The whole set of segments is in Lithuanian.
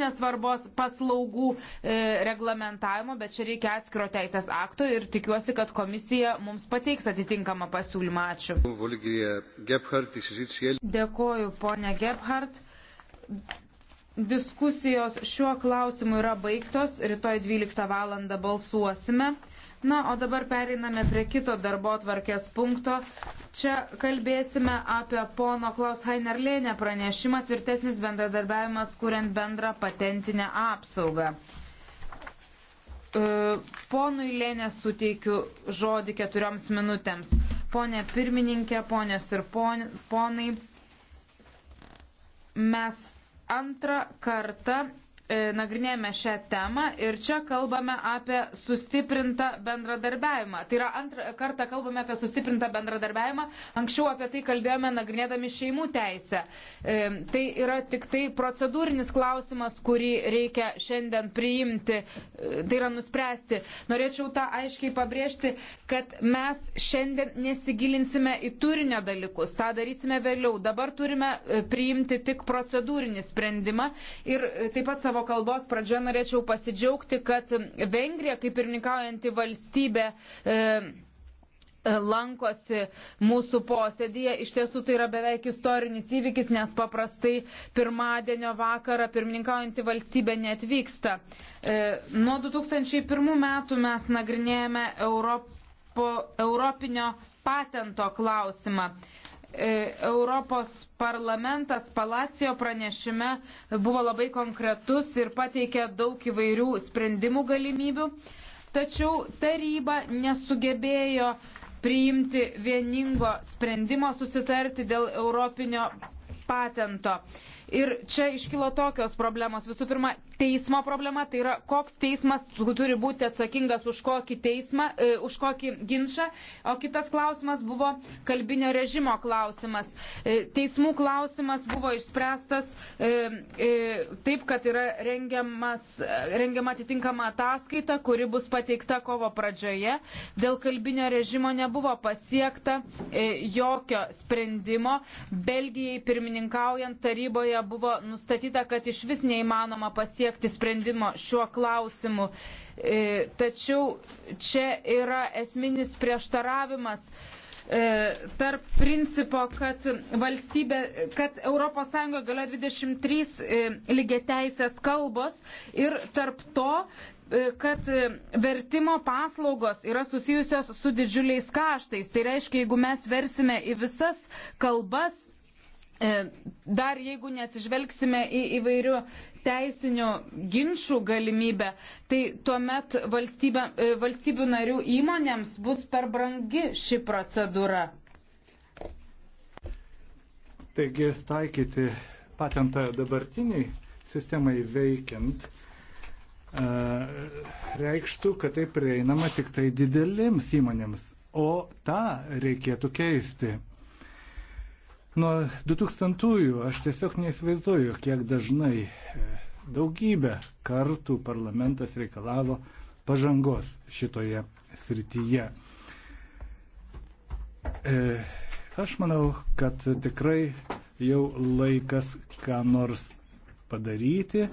visuotinės svarbos paslaugų e, reglamentavimo, bet čia reikia atskiro teisės akto ir tikiuosi, kad komisija mums pateiks atitinkamą pasiūlymą. Ačiū. Dėkoju, ponė Gebhardt. Diskusijos šiuo klausimu yra baigtos. Rytoj 12 val. balsuosime. Na, o dabar pereiname prie kito darbo tvarkės punkto. Čia kalbėsime apie pono Klaus Heinerlėnę pranešimą tvirtesnis bendradarbiavimas, kuriant bendrą patentinę apsaugą. E, ponui Lėnė suteikiu žodį keturioms minutėms. Pone pirmininkė, ponios ir ponai, mes antrą kartą E, nagrinėjame šią temą ir čia kalbame apie sustiprintą bendradarbiavimą. Tai yra antrą kartą kalbame apie sustiprintą bendradarbiavimą, anksčiau apie tai kalbėjome nagrinėdami šeimų teisę. E, tai yra tik tai procedūrinis klausimas, kurį reikia šiandien priimti, e, tai yra nuspręsti. Norėčiau tą aiškiai pabrėžti, kad mes šiandien nesigilinsime į turinio dalykus, tą darysime vėliau. Dabar turime e, priimti tik procedūrinį sprendimą ir e, taip pat savo savo kalbos pradžioje norėčiau pasidžiaugti, kad Vengrija, kaip pirmininkaujanti valstybė, e, e lankosi mūsų posėdėje. Iš tiesų tai yra beveik istorinis įvykis, nes paprastai pirmadienio vakarą pirmininkaujanti valstybė netvyksta. E, nuo 2001 metų mes nagrinėjame Europo, europinio patento klausimą. E, Europos parlamentas Palacijo pranešime buvo labai konkretus ir pateikė daug įvairių sprendimų galimybių, tačiau taryba nesugebėjo priimti vieningo sprendimo susitarti dėl europinio patento. Ir čia iškilo tokios problemos. Visų pirma, teismo problema, tai yra koks teismas turi būti atsakingas už kokį teismą, e, už kokį ginčą. O kitas klausimas buvo kalbinio režimo klausimas. E, teismų klausimas buvo išspręstas e, e, taip, kad yra e, rengiama atitinkama ataskaita, kuri bus pateikta kovo pradžioje. Dėl kalbinio režimo nebuvo pasiekta e, jokio sprendimo. Belgijai pirmininkaujant taryboje Rusijoje buvo nustatyta, kad iš vis neįmanoma pasiekti sprendimo šiuo klausimu. E, tačiau čia yra esminis prieštaravimas e, tarp principo, kad, valstybė, kad ES galioja 23 e, lygiateisės kalbos ir tarp to, kad vertimo paslaugos yra susijusios su didžiuliais kaštais. Tai reiškia, jeigu mes versime į visas kalbas, E, dar jeigu neatsižvelgsime į įvairių teisinių ginčių galimybę, tai tuomet valstybė, e, valstybių narių įmonėms bus per brangi ši procedūra. Taigi taikyti patentą dabartiniai sistemai veikiant e, reikštų, kad tai prieinama tik tai didelėms įmonėms, o tą reikėtų keisti. Nuo 2000-ųjų aš tiesiog neįsivaizduoju, kiek dažnai e, daugybę kartų parlamentas reikalavo pažangos šitoje srityje. E, aš manau, kad tikrai jau laikas ką nors padaryti.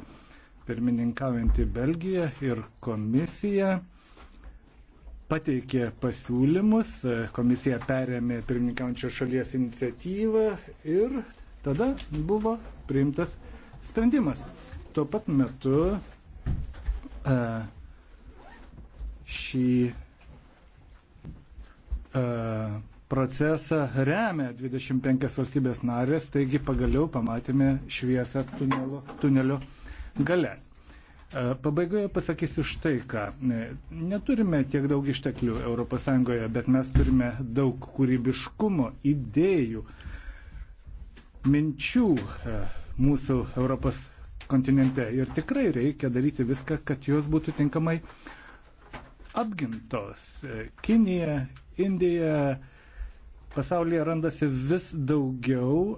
Pirmininkaujantį Belgiją ir komisiją pateikė pasiūlymus, komisija perėmė pirmininkaujančio šalies iniciatyvą ir tada buvo priimtas sprendimas. Tuo pat metu e, šį e, procesą remia 25 valstybės narės, taigi pagaliau pamatėme šviesą tunelio, tunelio gale. Pabaigoje pasakysiu štai ką. Neturime tiek daug išteklių ES, bet mes turime daug kūrybiškumo, idėjų, minčių mūsų Europos kontinente. Ir tikrai reikia daryti viską, kad jos būtų tinkamai apgintos. Kinija, Indija, pasaulyje randasi vis daugiau e,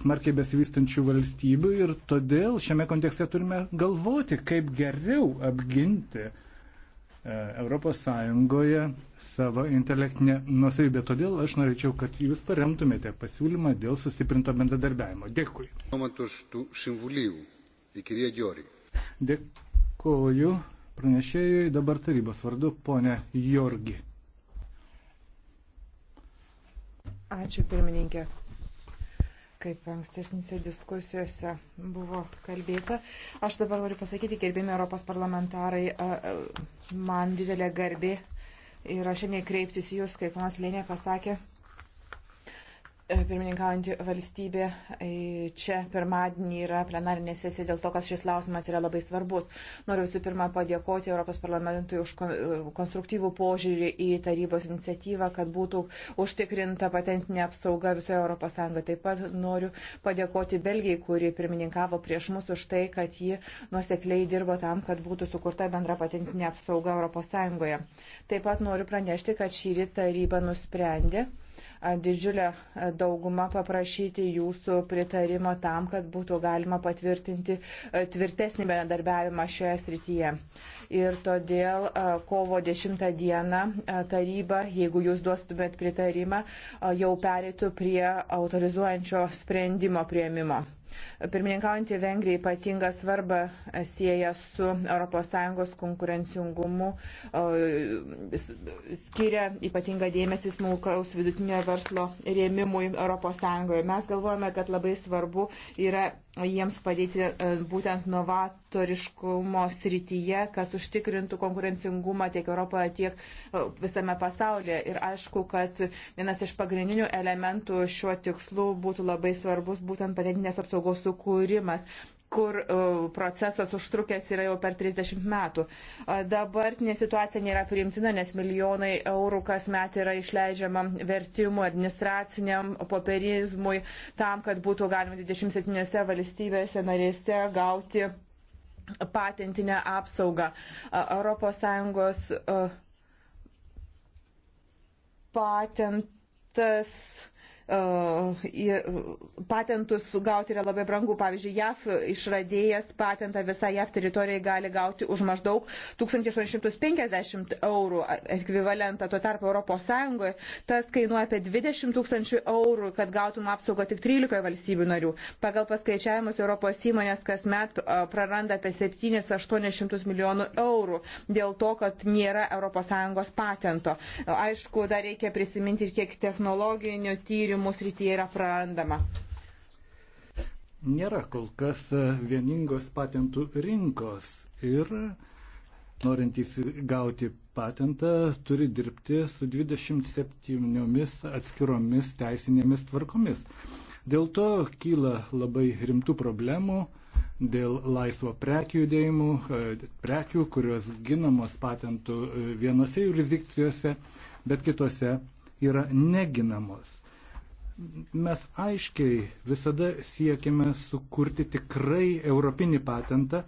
smarkiai besivystančių valstybių ir todėl šiame kontekste turime galvoti, kaip geriau apginti ES savo intelektinę nusavybę. Todėl aš norėčiau, kad jūs paremtumėte pasiūlymą dėl sustiprinto bendradarbiavimo. Dėkui. Dėkuoju pranešėjui dabar tarybos vardu, ponė Jorgi. Ačiū pirmininkė. Kaip ankstesnėse diskusijose buvo kalbėta, aš dabar noriu pasakyti, gerbėmi Europos parlamentarai, man didelė garbė yra šiandien kreiptis jūs, kaip panas Lėnė pasakė, E, pirmininkaujantį valstybę. E, čia pirmadienį yra plenarinė sesija dėl to, kad šis klausimas yra labai svarbus. Noriu visų pirma padėkoti Europos parlamentui už e, konstruktyvų požiūrį į tarybos iniciatyvą, kad būtų užtikrinta patentinė apsauga visoje Europos Sąjungoje. Taip pat noriu padėkoti Belgijai, kuri pirmininkavo prieš mus už tai, kad ji nuosekliai dirbo tam, kad būtų sukurta bendra patentinė apsauga Europos Sąjungoje. Taip pat noriu pranešti, kad šį rytą taryba nusprendė didžiulę daugumą paprašyti jūsų pritarimo tam, kad būtų galima patvirtinti tvirtesnį bendradarbiavimą šioje srityje. Ir todėl kovo 10 dieną taryba, jeigu jūs duostumėt pritarimą, jau perėtų prie autorizuojančio sprendimo prieimimo. Pirmininkaujantį Vengriją ypatingą svarbą sieja su ES konkurencingumu, skiria ypatingą dėmesį smulkaus vidutinio verslo rėmimui ES. Mes galvojame, kad labai svarbu yra jiems padėti e, būtent novatoriškumo srityje, kas užtikrintų konkurencingumą tiek Europoje, tiek e, visame pasaulyje. Ir aišku, kad vienas iš pagrindinių elementų šiuo tikslu būtų labai svarbus būtent patentinės apsaugos sukūrimas kur e, procesas užtrukęs yra jau per 30 metų. E, dabartinė situacija nėra priimtina, nes milijonai eurų kasmet yra išleidžiama vertimų, administraciniam popierizmui, tam, kad būtų galima 27 valstybėse narėse gauti patentinę apsaugą. ES e, patentas patentus gauti yra labai brangu. Pavyzdžiui, JAF išradėjas patentą visą JAF teritorijai gali gauti už maždaug 1850 eurų ekvivalentą. Tuo tarpu ES tas kainuoja apie 20 tūkstančių eurų, kad gautum apsaugą tik 13 valstybių narių. Pagal paskaičiavimus Europos įmonės kasmet praranda apie 7-800 milijonų eurų dėl to, kad nėra ES patento. Aišku, dar reikia prisiminti ir kiek technologinių tyrimų tyrimų srityje yra prarandama. Nėra kol kas e, vieningos patentų rinkos ir norintys gauti patentą, turi dirbti su 27 atskiromis teisinėmis tvarkomis. Dėl to kyla labai rimtų problemų dėl laisvo prekių judėjimų, e, prekių, kurios ginamos patentų e, vienose jurisdikcijose, bet kitose yra neginamos mes aiškiai visada siekime sukurti tikrai europinį patentą,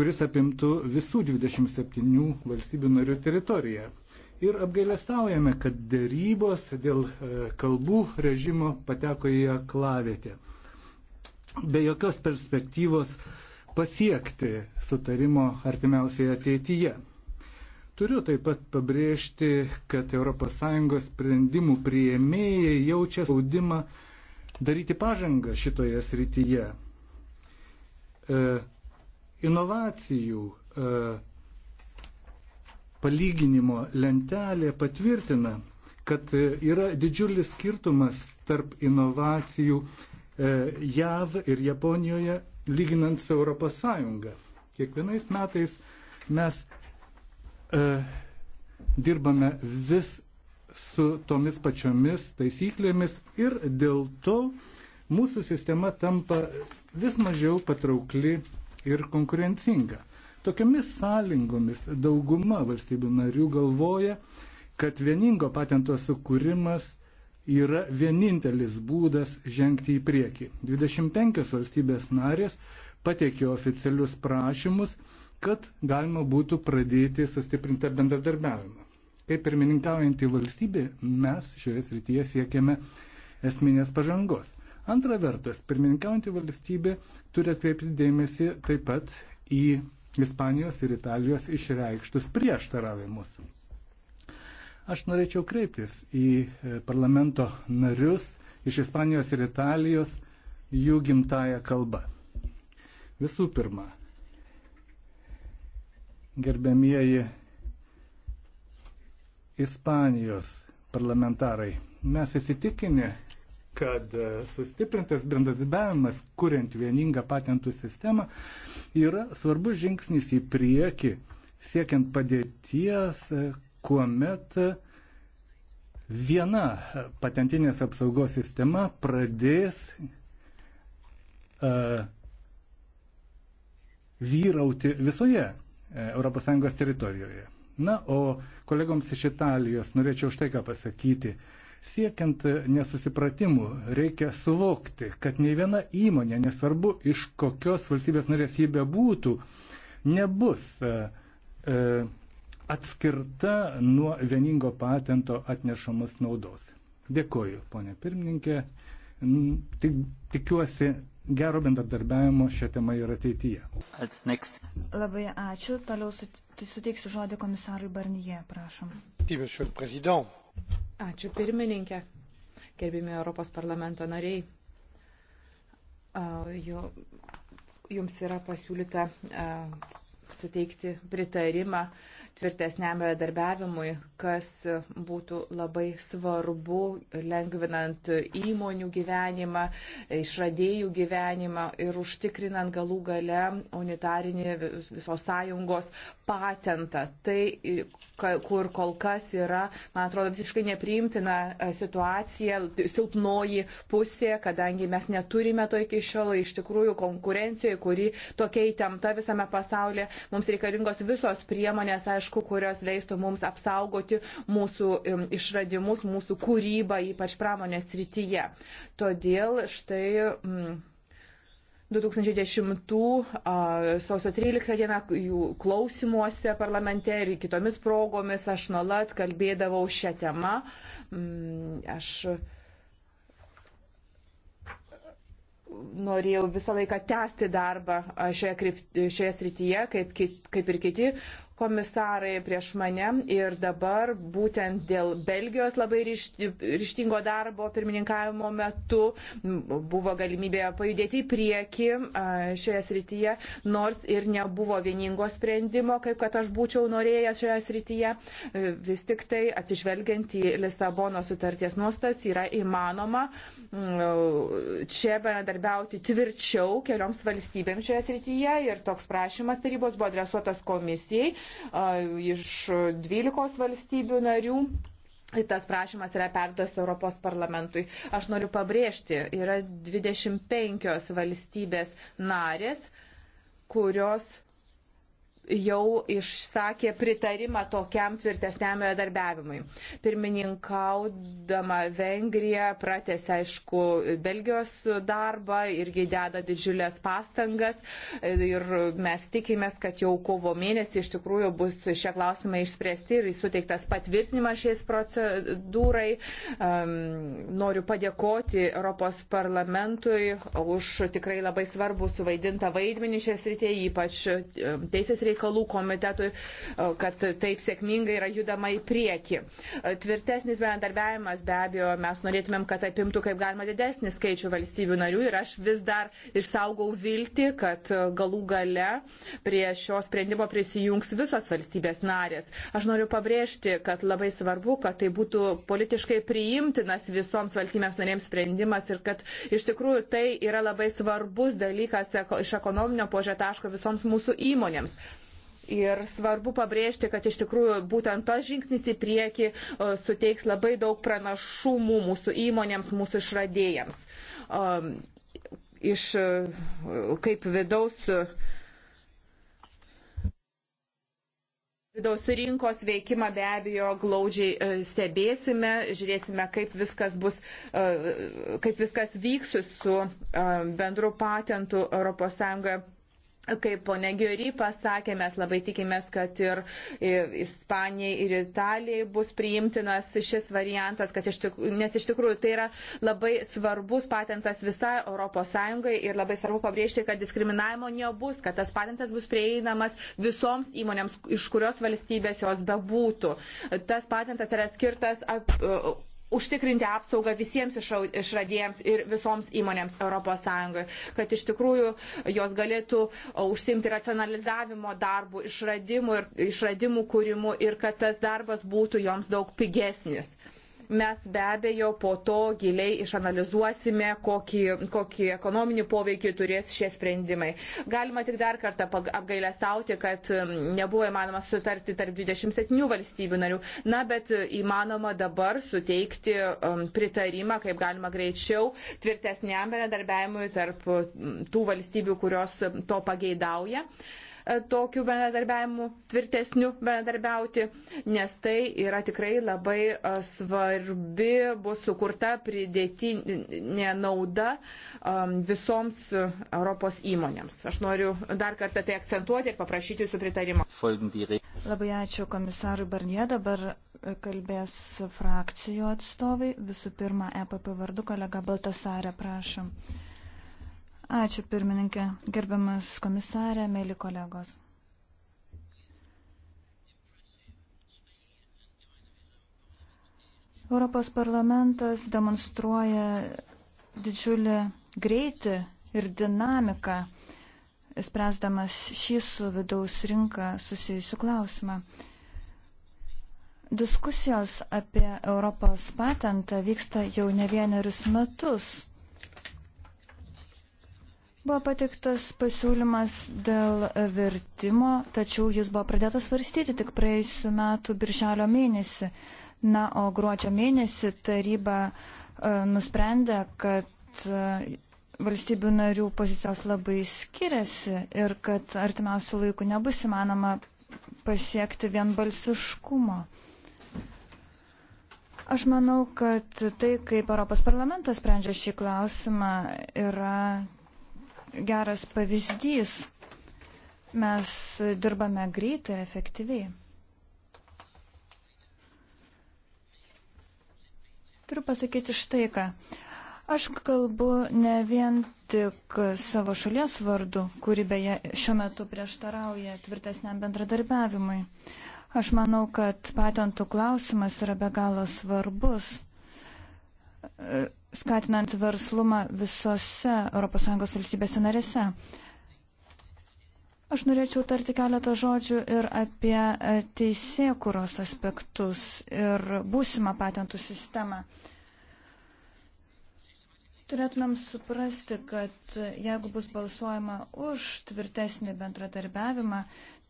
kuris apimtų visų 27 valstybių narių teritoriją. Ir apgailestaujame, kad dėrybos dėl e, kalbų režimo pateko į aklavietę. Be jokios perspektyvos pasiekti sutarimo artimiausiai ateityje. Turiu taip pat pabrėžti, kad ES sprendimų prieėmėjai jaučia spaudimą daryti pažangą šitoje srityje. E, inovacijų e, palyginimo lentelė patvirtina, kad yra didžiulis skirtumas tarp inovacijų e, JAV ir Japonijoje lyginant su ES. Kiekvienais metais mes E, dirbame vis su tomis pačiomis taisyklėmis ir dėl to mūsų sistema tampa vis mažiau patraukli ir konkurencinga. Tokiamis sąlygomis dauguma valstybių narių galvoja, kad vieningo patento sukūrimas yra vienintelis būdas žengti į priekį. 25 valstybės narės pateikė oficialius prašymus kad galima būtų pradėti sustiprintą bendradarbiavimą. Kaip pirmininkaujantį valstybę mes šioje srityje siekiame esminės pažangos. Antra vertus, pirmininkaujantį valstybę turi atkreipti dėmesį taip pat į Ispanijos ir Italijos išreikštus prieštaravimus. Aš norėčiau kreiptis į e, parlamento narius iš Ispanijos ir Italijos jų gimtają kalbą. Visų pirma, gerbėmieji Ispanijos parlamentarai. Mes įsitikinę, kad e, sustiprintas bendradarbiavimas, kuriant vieningą patentų sistemą, yra svarbus žingsnis į priekį, siekiant padėties, e, kuomet e, viena patentinės apsaugos sistema pradės uh, vyrauti visoje ES teritorijoje. Na, o kolegoms iš Italijos norėčiau štai ką pasakyti. Siekiant nesusipratimų, reikia suvokti, kad nei viena įmonė, nesvarbu iš kokios valstybės narės jį bebūtų, nebus e, e, atskirta nuo vieningo patento atnešamos naudos. Dėkoju, ponė pirmininkė. Tik, tikiuosi gero bendradarbiavimo šią temą ir ateityje. Labai ačiū. Toliau tai suteiksiu žodį komisarui Barnyje, prašom. Ačiū pirmininkė. Gerbimi Europos parlamento nariai. Jums yra pasiūlyta suteikti pritarimą tvirtesniam bendradarbiavimui, kas būtų labai svarbu, lengvinant įmonių gyvenimą, išradėjų gyvenimą ir užtikrinant galų gale unitarinį visos sąjungos patentą. Tai, kur kol kas yra, man atrodo, visiškai nepriimtina situacija, silpnoji pusė, kadangi mes neturime to iki šiol, iš tikrųjų konkurencijoje, kuri tokia įtempta visame pasaulyje, mums reikalingos visos priemonės, aišku, paieškų, kurios leistų mums apsaugoti mūsų išradimus, mūsų kūrybą, ypač pramonės rytyje. Todėl štai. Mm, 2010 sausio 13 dieną jų klausimuose parlamente ir kitomis progomis aš nuolat kalbėdavau šią temą. Mm, aš norėjau visą laiką tęsti darbą šioje, kryp, šioje srityje, kaip, kaip ir kiti komisarai prieš mane ir dabar būtent dėl Belgijos labai ryštingo darbo pirmininkavimo metu buvo galimybė pajudėti į priekį šioje srityje, nors ir nebuvo vieningo sprendimo, kaip kad aš būčiau norėjęs šioje srityje. E, vis tik tai atsižvelgiant į Lisabono sutarties nuostas yra įmanoma mm, čia bendradarbiauti tvirčiau kelioms valstybėms šioje srityje ir toks prašymas tarybos buvo adresuotas komisijai iš 12 valstybių narių. Tas prašymas yra perduos Europos parlamentui. Aš noriu pabrėžti, yra 25 valstybės narės, kurios jau išsakė pritarimą tokiam tvirtesniam darbiavimui. Pirmininkaudama Vengrija pratėsi, aišku, Belgijos darbą, irgi deda didžiulės pastangas ir mes tikimės, kad jau kovo mėnesį iš tikrųjų bus šie klausimai išspręsti ir suteiktas patvirtinimas šiais procedūrai. Ehm, noriu padėkoti Europos parlamentui už tikrai labai svarbų suvaidintą vaidmenį šią srityje, ypač ehm, teisės reikalų reikalų komitetui, kad taip sėkmingai yra judama į priekį. Tvirtesnis bendarbiavimas be abejo mes norėtumėm, kad apimtų kaip galima didesnį skaičių valstybių narių ir aš vis dar išsaugau viltį, kad galų gale prie šio sprendimo prisijungs visos valstybės narės. Aš noriu pabrėžti, kad labai svarbu, kad tai būtų politiškai priimtinas visoms valstybėms narėms sprendimas ir kad iš tikrųjų tai yra labai svarbus dalykas iš ekonominio požiūrio taško visoms mūsų įmonėms. Ir svarbu pabrėžti, kad iš tikrųjų būtent tas žingsnis į priekį e, suteiks labai daug pranašumų mūsų įmonėms, mūsų išradėjams. Iš e, kaip vidaus Vidaus rinkos veikimą be abejo glaudžiai e, stebėsime, žiūrėsime, kaip viskas, bus, kaip viskas vyks su bendru patentu ES. Kaip ponė Giori pasakė, mes labai tikimės, kad ir Ispanijai, ir Italijai bus priimtinas šis variantas, iš tik, nes iš tikrųjų tai yra labai svarbus patentas visai ES ir labai svarbu pabrėžti, kad diskriminavimo nebus, kad tas patentas bus prieinamas visoms įmonėms, iš kurios valstybės jos bebūtų. Tas patentas yra skirtas ap, užtikrinti apsaugą visiems išradėjams ir visoms įmonėms ES, kad iš tikrųjų jos galėtų e, užsimti racionalizavimo darbų, išradimų ir išradimų kūrimų ir kad tas darbas būtų joms daug pigesnis mes be abejo po to giliai išanalizuosime, kokį, kokį ekonominį poveikį turės šie sprendimai. Galima tik dar kartą apgailę stauti, kad nebuvo įmanoma sutarti tarp 27 valstybių narių. Na, bet e, įmanoma dabar suteikti pritarimą, kaip galima greičiau, tvirtesniam bendradarbiavimui tarp tų valstybių, kurios to pageidauja. Uh, tokiu bendradarbiavimu, tvirtesniu bendradarbiauti, nes tai yra tikrai labai svarbi, bus sukurta pridėtinė nauda visoms Europos įmonėms. Aš noriu dar kartą tai akcentuoti ir paprašyti jūsų pritarimo. Labai ačiū komisarui Barnie. Dabar kalbės frakcijų atstovai. Visų pirma, EPP vardu kolega Baltasarė, prašom. Ačiū pirmininkė, gerbiamas komisarė, mėly kolegos. Europos parlamentas demonstruoja didžiulį greitį ir dinamiką, spręsdamas šį su vidaus rinka susijusiu klausimą. Diskusijos apie Europos patentą vyksta jau ne vienerius metus. Buvo patiktas pasiūlymas dėl vertimo, tačiau jis buvo pradėtas svarstyti tik praėjusiu metu birželio mėnesį. Na, o gruodžio mėnesį taryba e, nusprendė, kad e, valstybių narių pozicijos labai skiriasi ir kad artimiausių laikų nebus įmanoma pasiekti vienbalsiškumo. Aš manau, kad tai, kaip Europos parlamentas sprendžia šį klausimą, yra geras pavyzdys. Mes dirbame greitai ir efektyviai. Turiu pasakyti štai ką. Aš kalbu ne vien tik savo šalies vardu, kuri beje šiuo metu prieštarauja tvirtesniam bendradarbiavimui. Aš manau, kad patentų klausimas yra be galo svarbus skatinant verslumą visose ES valstybėse narėse. Aš norėčiau tarti keletą žodžių ir apie e, teisėkuros aspektus ir būsimą patentų sistemą. Turėtumėm suprasti, kad jeigu bus balsuojama už tvirtesnį bendradarbiavimą,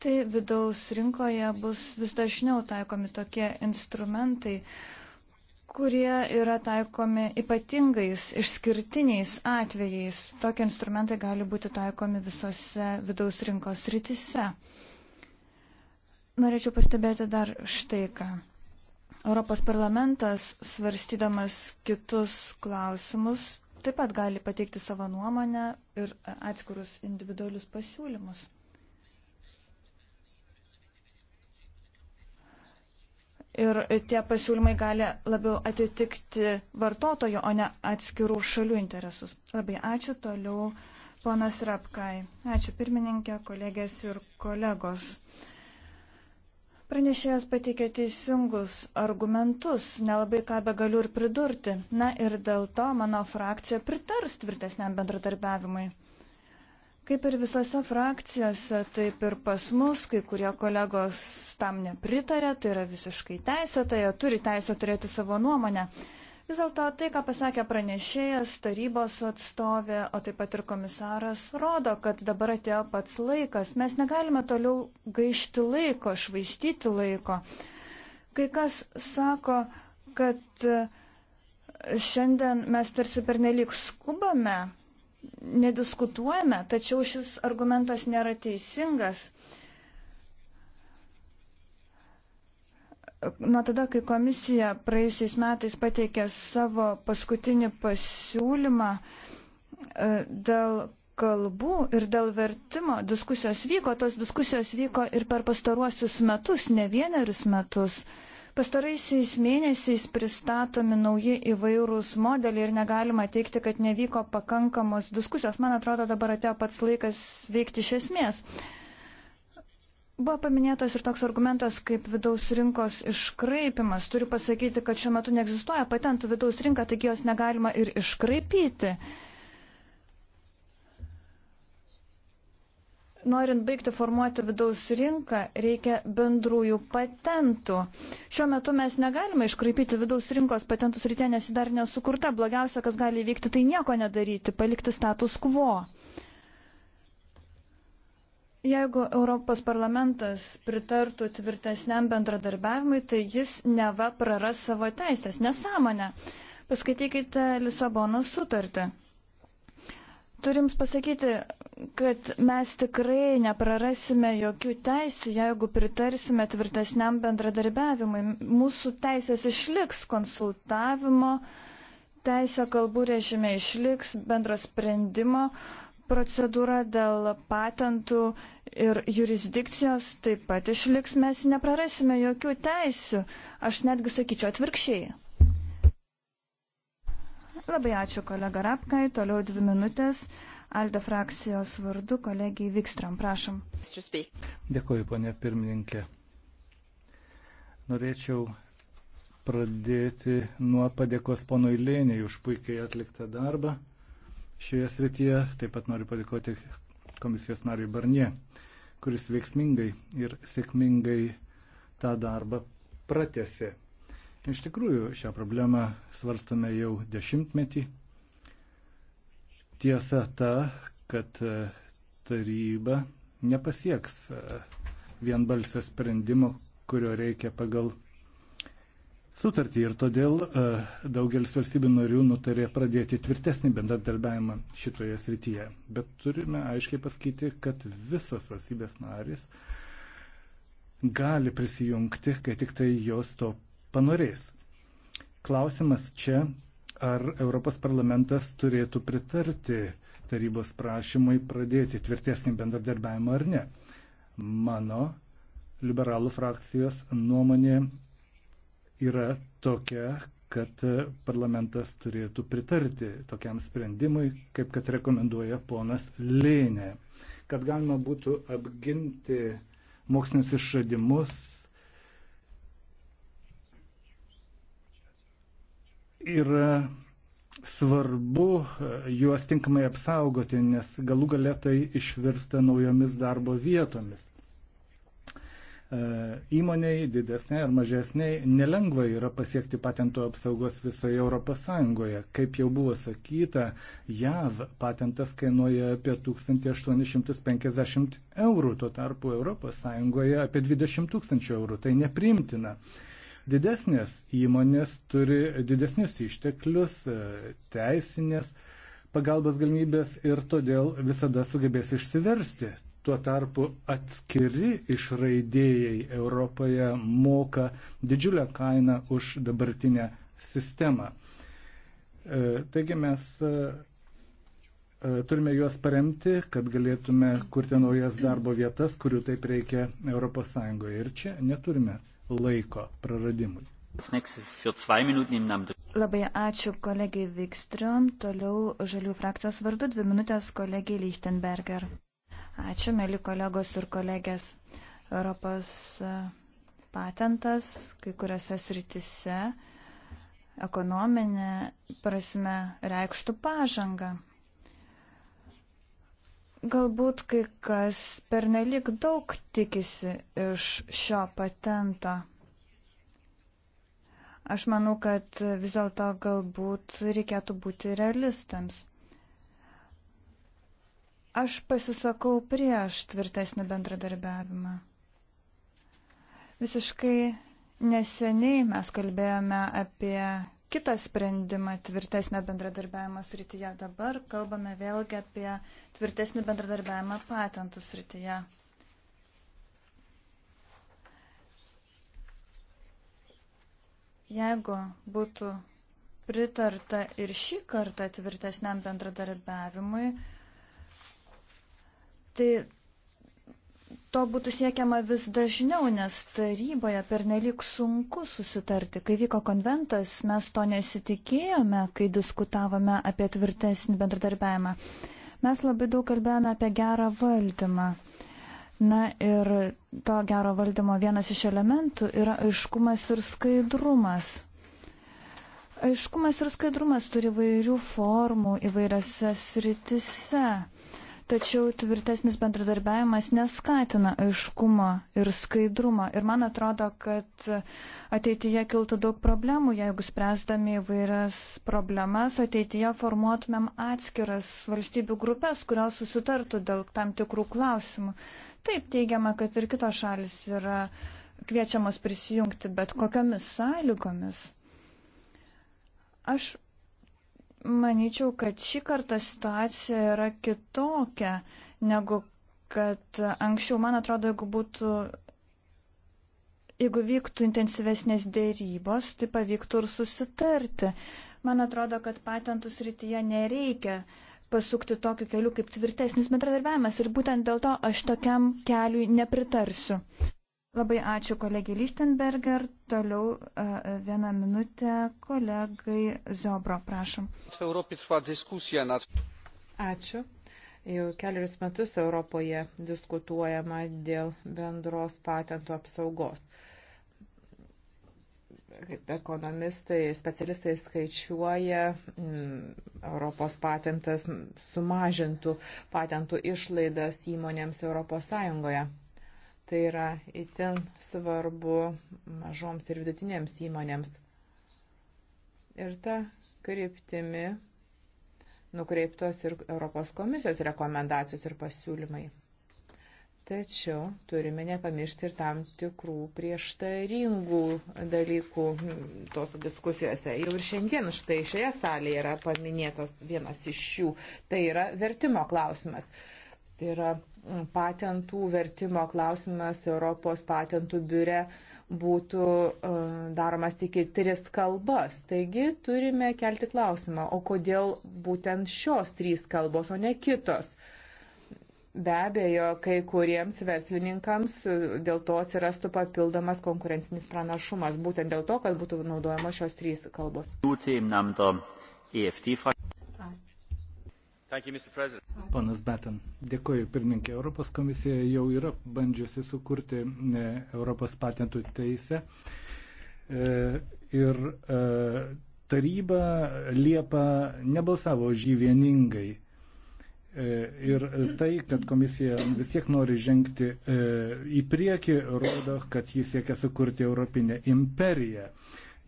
tai vidaus rinkoje bus vis dažniau taikomi tokie instrumentai, uh, kurie yra taikomi ypatingais, išskirtiniais atvejais. Tokie instrumentai gali būti taikomi visose vidaus rinkos rytise. Norėčiau pastebėti dar štai ką. Europos parlamentas, svarstydamas kitus klausimus, taip pat gali pateikti savo nuomonę ir atskirus individualius pasiūlymus. ir tie pasiūlymai gali labiau atitikti vartotojo, o ne atskirų šalių interesus. Labai ačiū toliau. Ponas Rapkai. Ačiū pirmininkė, kolegės ir kolegos. Pranešėjas pateikė teisingus argumentus, nelabai ką be galiu ir pridurti. Na ir dėl to mano frakcija pritars tvirtesniam bendradarbiavimui. Kaip ir visose frakcijose, taip ir pas mus, kai kurie kolegos tam nepritarė, tai yra visiškai teisėta, jie turi teisę turėti savo nuomonę. Vis dėlto tai, ką pasakė pranešėjas, tarybos atstovė, o taip pat ir komisaras, rodo, kad dabar atėjo pats laikas. Mes negalime toliau gaišti laiko, švaistyti laiko. Kai kas sako, kad e, šiandien mes tarsi pernelyg skubame nediskutuojame, tačiau šis argumentas nėra teisingas. Nuo tada, kai komisija praėjusiais metais pateikė savo paskutinį pasiūlymą e, dėl kalbų ir dėl vertimo diskusijos vyko, tos diskusijos vyko ir per pastaruosius metus, ne vienerius metus. Uh, Pastaraisiais mėnesiais pristatomi nauji įvairūs modeliai ir negalima teikti, kad nevyko pakankamos diskusijos. Man atrodo, dabar atėjo pats laikas veikti iš esmės. Buvo paminėtas ir toks argumentas kaip vidaus rinkos iškraipimas. Turiu pasakyti, kad šiuo metu neegzistuoja patentų vidaus rinka, taigi jos negalima ir iškraipyti. Uh, Norint baigti formuoti vidaus rinką, reikia bendrųjų patentų. Šiuo metu mes negalime iškraipyti vidaus rinkos patentų srityje, nes ji dar nesukurta. Blogiausia, kas gali vykti, tai nieko nedaryti, palikti status quo. Jeigu Europos parlamentas pritartų tvirtesniam bendradarbiavimui, tai jis neva praras savo teisės. Nesąmonė. Paskaitykite Lisabono sutartį. Turim pasakyti, kad mes tikrai neprarasime jokių teisų, jeigu pritarsime tvirtesniam bendradarbiavimui. Mūsų teisės išliks konsultavimo, teisė kalbų režime išliks, bendro sprendimo procedūra dėl patentų ir jurisdikcijos taip pat išliks, mes neprarasime jokių teisų. Aš netgi sakyčiau atvirkščiai. Labai ačiū kolega Rapkai, toliau dvi minutės. Alde frakcijos vardu kolegijai Vikstram, prašom. Dėkuoju, ponė pirmininkė. Norėčiau pradėti nuo padėkos ponui Lėniai už puikiai atliktą darbą šioje srityje. Taip pat noriu padėkoti komisijos nariui Barnie, kuris veiksmingai ir sėkmingai tą darbą pratėsi. Iš tikrųjų, šią problemą svarstome jau dešimtmetį. Tiesa ta, kad e, taryba nepasieks e, vienbalsio sprendimo, kurio reikia pagal sutartį ir todėl e, daugelis valstybių narių nutarė pradėti tvirtesnį bendradarbiavimą šitoje srityje. Bet turime aiškiai pasakyti, kad visos valstybės narys gali prisijungti, kai tik tai jos to panorės. Klausimas čia, ar Europos parlamentas turėtų pritarti tarybos prašymui pradėti tvirtesnį bendradarbiavimą ar ne. Mano liberalų frakcijos nuomonė yra tokia, kad parlamentas turėtų pritarti tokiam sprendimui, kaip kad rekomenduoja ponas Lėnė, kad galima būtų apginti mokslinius išradimus yra svarbu e, juos tinkamai apsaugoti, nes galų galia tai išvirsta naujomis darbo vietomis. E, įmoniai didesniai ar mažesniai nelengva yra pasiekti patento apsaugos visoje ES. Kaip jau buvo sakyta, JAV patentas kainuoja apie 1850 eurų, tuo tarpu ES apie 20 tūkstančių eurų. Tai neprimtina. Didesnės įmonės turi didesnius išteklius, teisinės pagalbos galimybės ir todėl visada sugebės išsiversti. Tuo tarpu atskiri išraidėjai Europoje moka didžiulę kainą už dabartinę sistemą. E, taigi mes e, e, turime juos paremti, kad galėtume kurti naujas darbo vietas, kurių taip reikia ES. Ir čia neturime laiko praradimui. Labai ačiū kolegijai Vikstriom, toliau žalių frakcijos vardu dvi minutės kolegijai Lichtenberger. Ačiū, mėly kolegos ir kolegės. Europos e, patentas kai kuriuose sritise ekonominė prasme reikštų pažangą. Galbūt kai kas pernelik daug tikisi iš šio patento. Aš manau, kad vis dėlto galbūt reikėtų būti realistams. Aš pasisakau prieš tvirtesnį bendradarbiavimą. Visiškai neseniai mes kalbėjome apie kitą sprendimą tvirtesnio bendradarbiavimo srityje. Dabar kalbame vėlgi apie tvirtesnį bendradarbiavimą patentų srityje. Jeigu būtų pritarta ir šį kartą tvirtesniam bendradarbiavimui, tai to būtų siekiama vis dažniau, nes taryboje pernelik sunku susitarti. Kai vyko konventas, mes to nesitikėjome, kai diskutavome apie tvirtesnį bendradarbiavimą. Mes labai daug kalbėjome apie gerą valdymą. Na ir to gero valdymo vienas iš elementų yra aiškumas ir skaidrumas. Aiškumas ir skaidrumas turi vairių formų įvairiose sritise tačiau tvirtesnis bendradarbiavimas neskatina aiškumo ir skaidrumo. Ir man atrodo, kad ateityje kiltų daug problemų, jeigu spręsdami įvairias problemas, ateityje formuotumėm atskiras valstybių grupės, kurios susitartų dėl tam tikrų klausimų. Taip teigiama, kad ir kitos šalis yra kviečiamos prisijungti, bet kokiamis sąlygomis. Aš Maničiau, kad šį kartą situacija yra kitokia negu kad anksčiau. Man atrodo, jeigu būtų, jeigu vyktų intensyvesnės dėrybos, tai pavyktų ir susitarti. Man atrodo, kad patentų srityje nereikia pasukti tokiu keliu kaip tvirtesnis bendradarbiavimas ir būtent dėl to aš tokiam keliui nepritarsiu. Labai ačiū kolegiai Lichtenberger. Toliau e, vieną minutę kolegai Ziobro, prašom. Ačiū. Jau kelius metus Europoje diskutuojama dėl bendros patentų apsaugos kaip ekonomistai, specialistai skaičiuoja, mm, Europos patentas sumažintų patentų išlaidas įmonėms ES. Tai yra itin svarbu mažoms ir vidutinėms įmonėms. Ir ta kryptimi nukreiptos ir Europos komisijos rekomendacijos ir pasiūlymai. Tačiau turime nepamiršti ir tam tikrų prieštaringų dalykų tos diskusijose. Jau ir šiandien štai šioje salėje yra paminėtas vienas iš jų. Tai yra vertimo klausimas. Tai yra patentų vertimo klausimas Europos patentų biure būtų e, daromas tik į tris kalbas. Taigi turime kelti klausimą, o kodėl būtent šios trys kalbos, o ne kitos? Be abejo, kai kuriems verslininkams e, dėl to atsirastų papildomas konkurencinis pranašumas, būtent dėl to, kad būtų naudojamos šios trys kalbos. Panas Betan, dėkoju pirmininkė. Europos komisija jau yra bandžiusi sukurti e, Europos patentų teisę. E, ir e, taryba Liepa nebalsavo už jį vieningai. Ir tai, kad komisija vis tiek nori žengti į priekį, rodo, kad jis siekia sukurti Europinę imperiją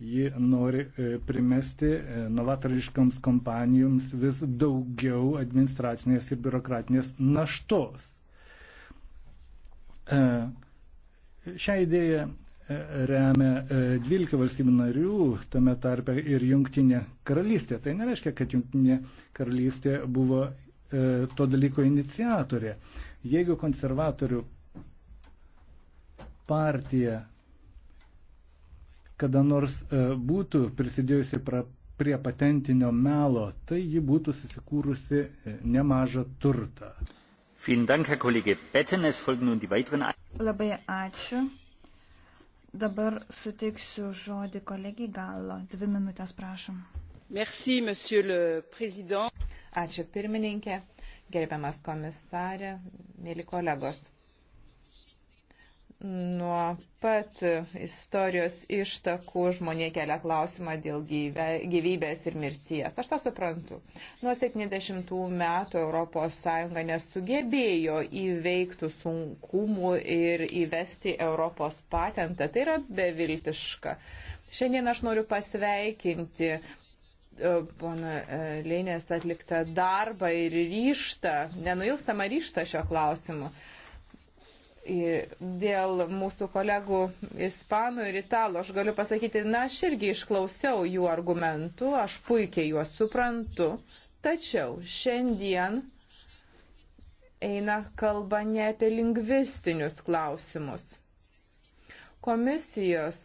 ji nori e, primesti e, novatoriškoms kompanijoms vis daugiau administracinės ir biurokratinės naštos. E, šią idėją remia 12 valstybių narių, tame tarpe ir Junktinė karalystė. Tai nereiškia, kad Junktinė karalystė buvo to dalyko iniciatorė. Jeigu konservatorių partija kada nors e, būtų prisidėjusi prie patentinio melo, tai ji būtų susikūrusi e, nemažą turtą. Labai ačiū. Dabar suteiksiu žodį kolegijai Gallo. Dvi minutės, prašom. Merci, monsieur le président. Ačiū pirmininkė, gerbiamas komisarė, mėly kolegos nuo pat istorijos ištakų žmonė kelia klausimą dėl gyvybės ir mirties. Aš tą suprantu. Nuo 70 metų ES nesugebėjo įveiktų sunkumų ir įvesti Europos patentą. Tai yra beviltiška. Šiandien aš noriu pasveikinti e, pana e, Lėnės atliktą darbą ir ryštą, nenuilstamą ryštą šio klausimu. Dėl mūsų kolegų ispanų ir italų aš galiu pasakyti, na, aš irgi išklausiau jų argumentų, aš puikiai juos suprantu, tačiau šiandien eina kalba ne apie lingvistinius klausimus. Komisijos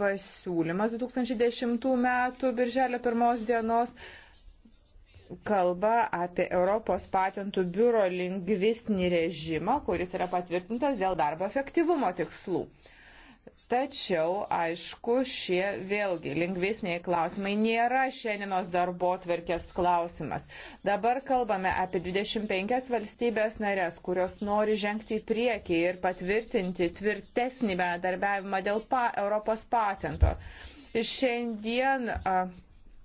pasiūlymas 2010 m. birželio 1 dienos kalba apie Europos patentų biuro lingvistinį režimą, kuris yra patvirtintas dėl darbo efektyvumo tikslų. Tačiau, aišku, šie vėlgi lingvisniai klausimai nėra šiandienos darbo tvarkės klausimas. Dabar kalbame apie 25 valstybės narės, kurios nori žengti į priekį ir patvirtinti tvirtesnį bendradarbiavimą dėl pa, Europos patento. Šiandien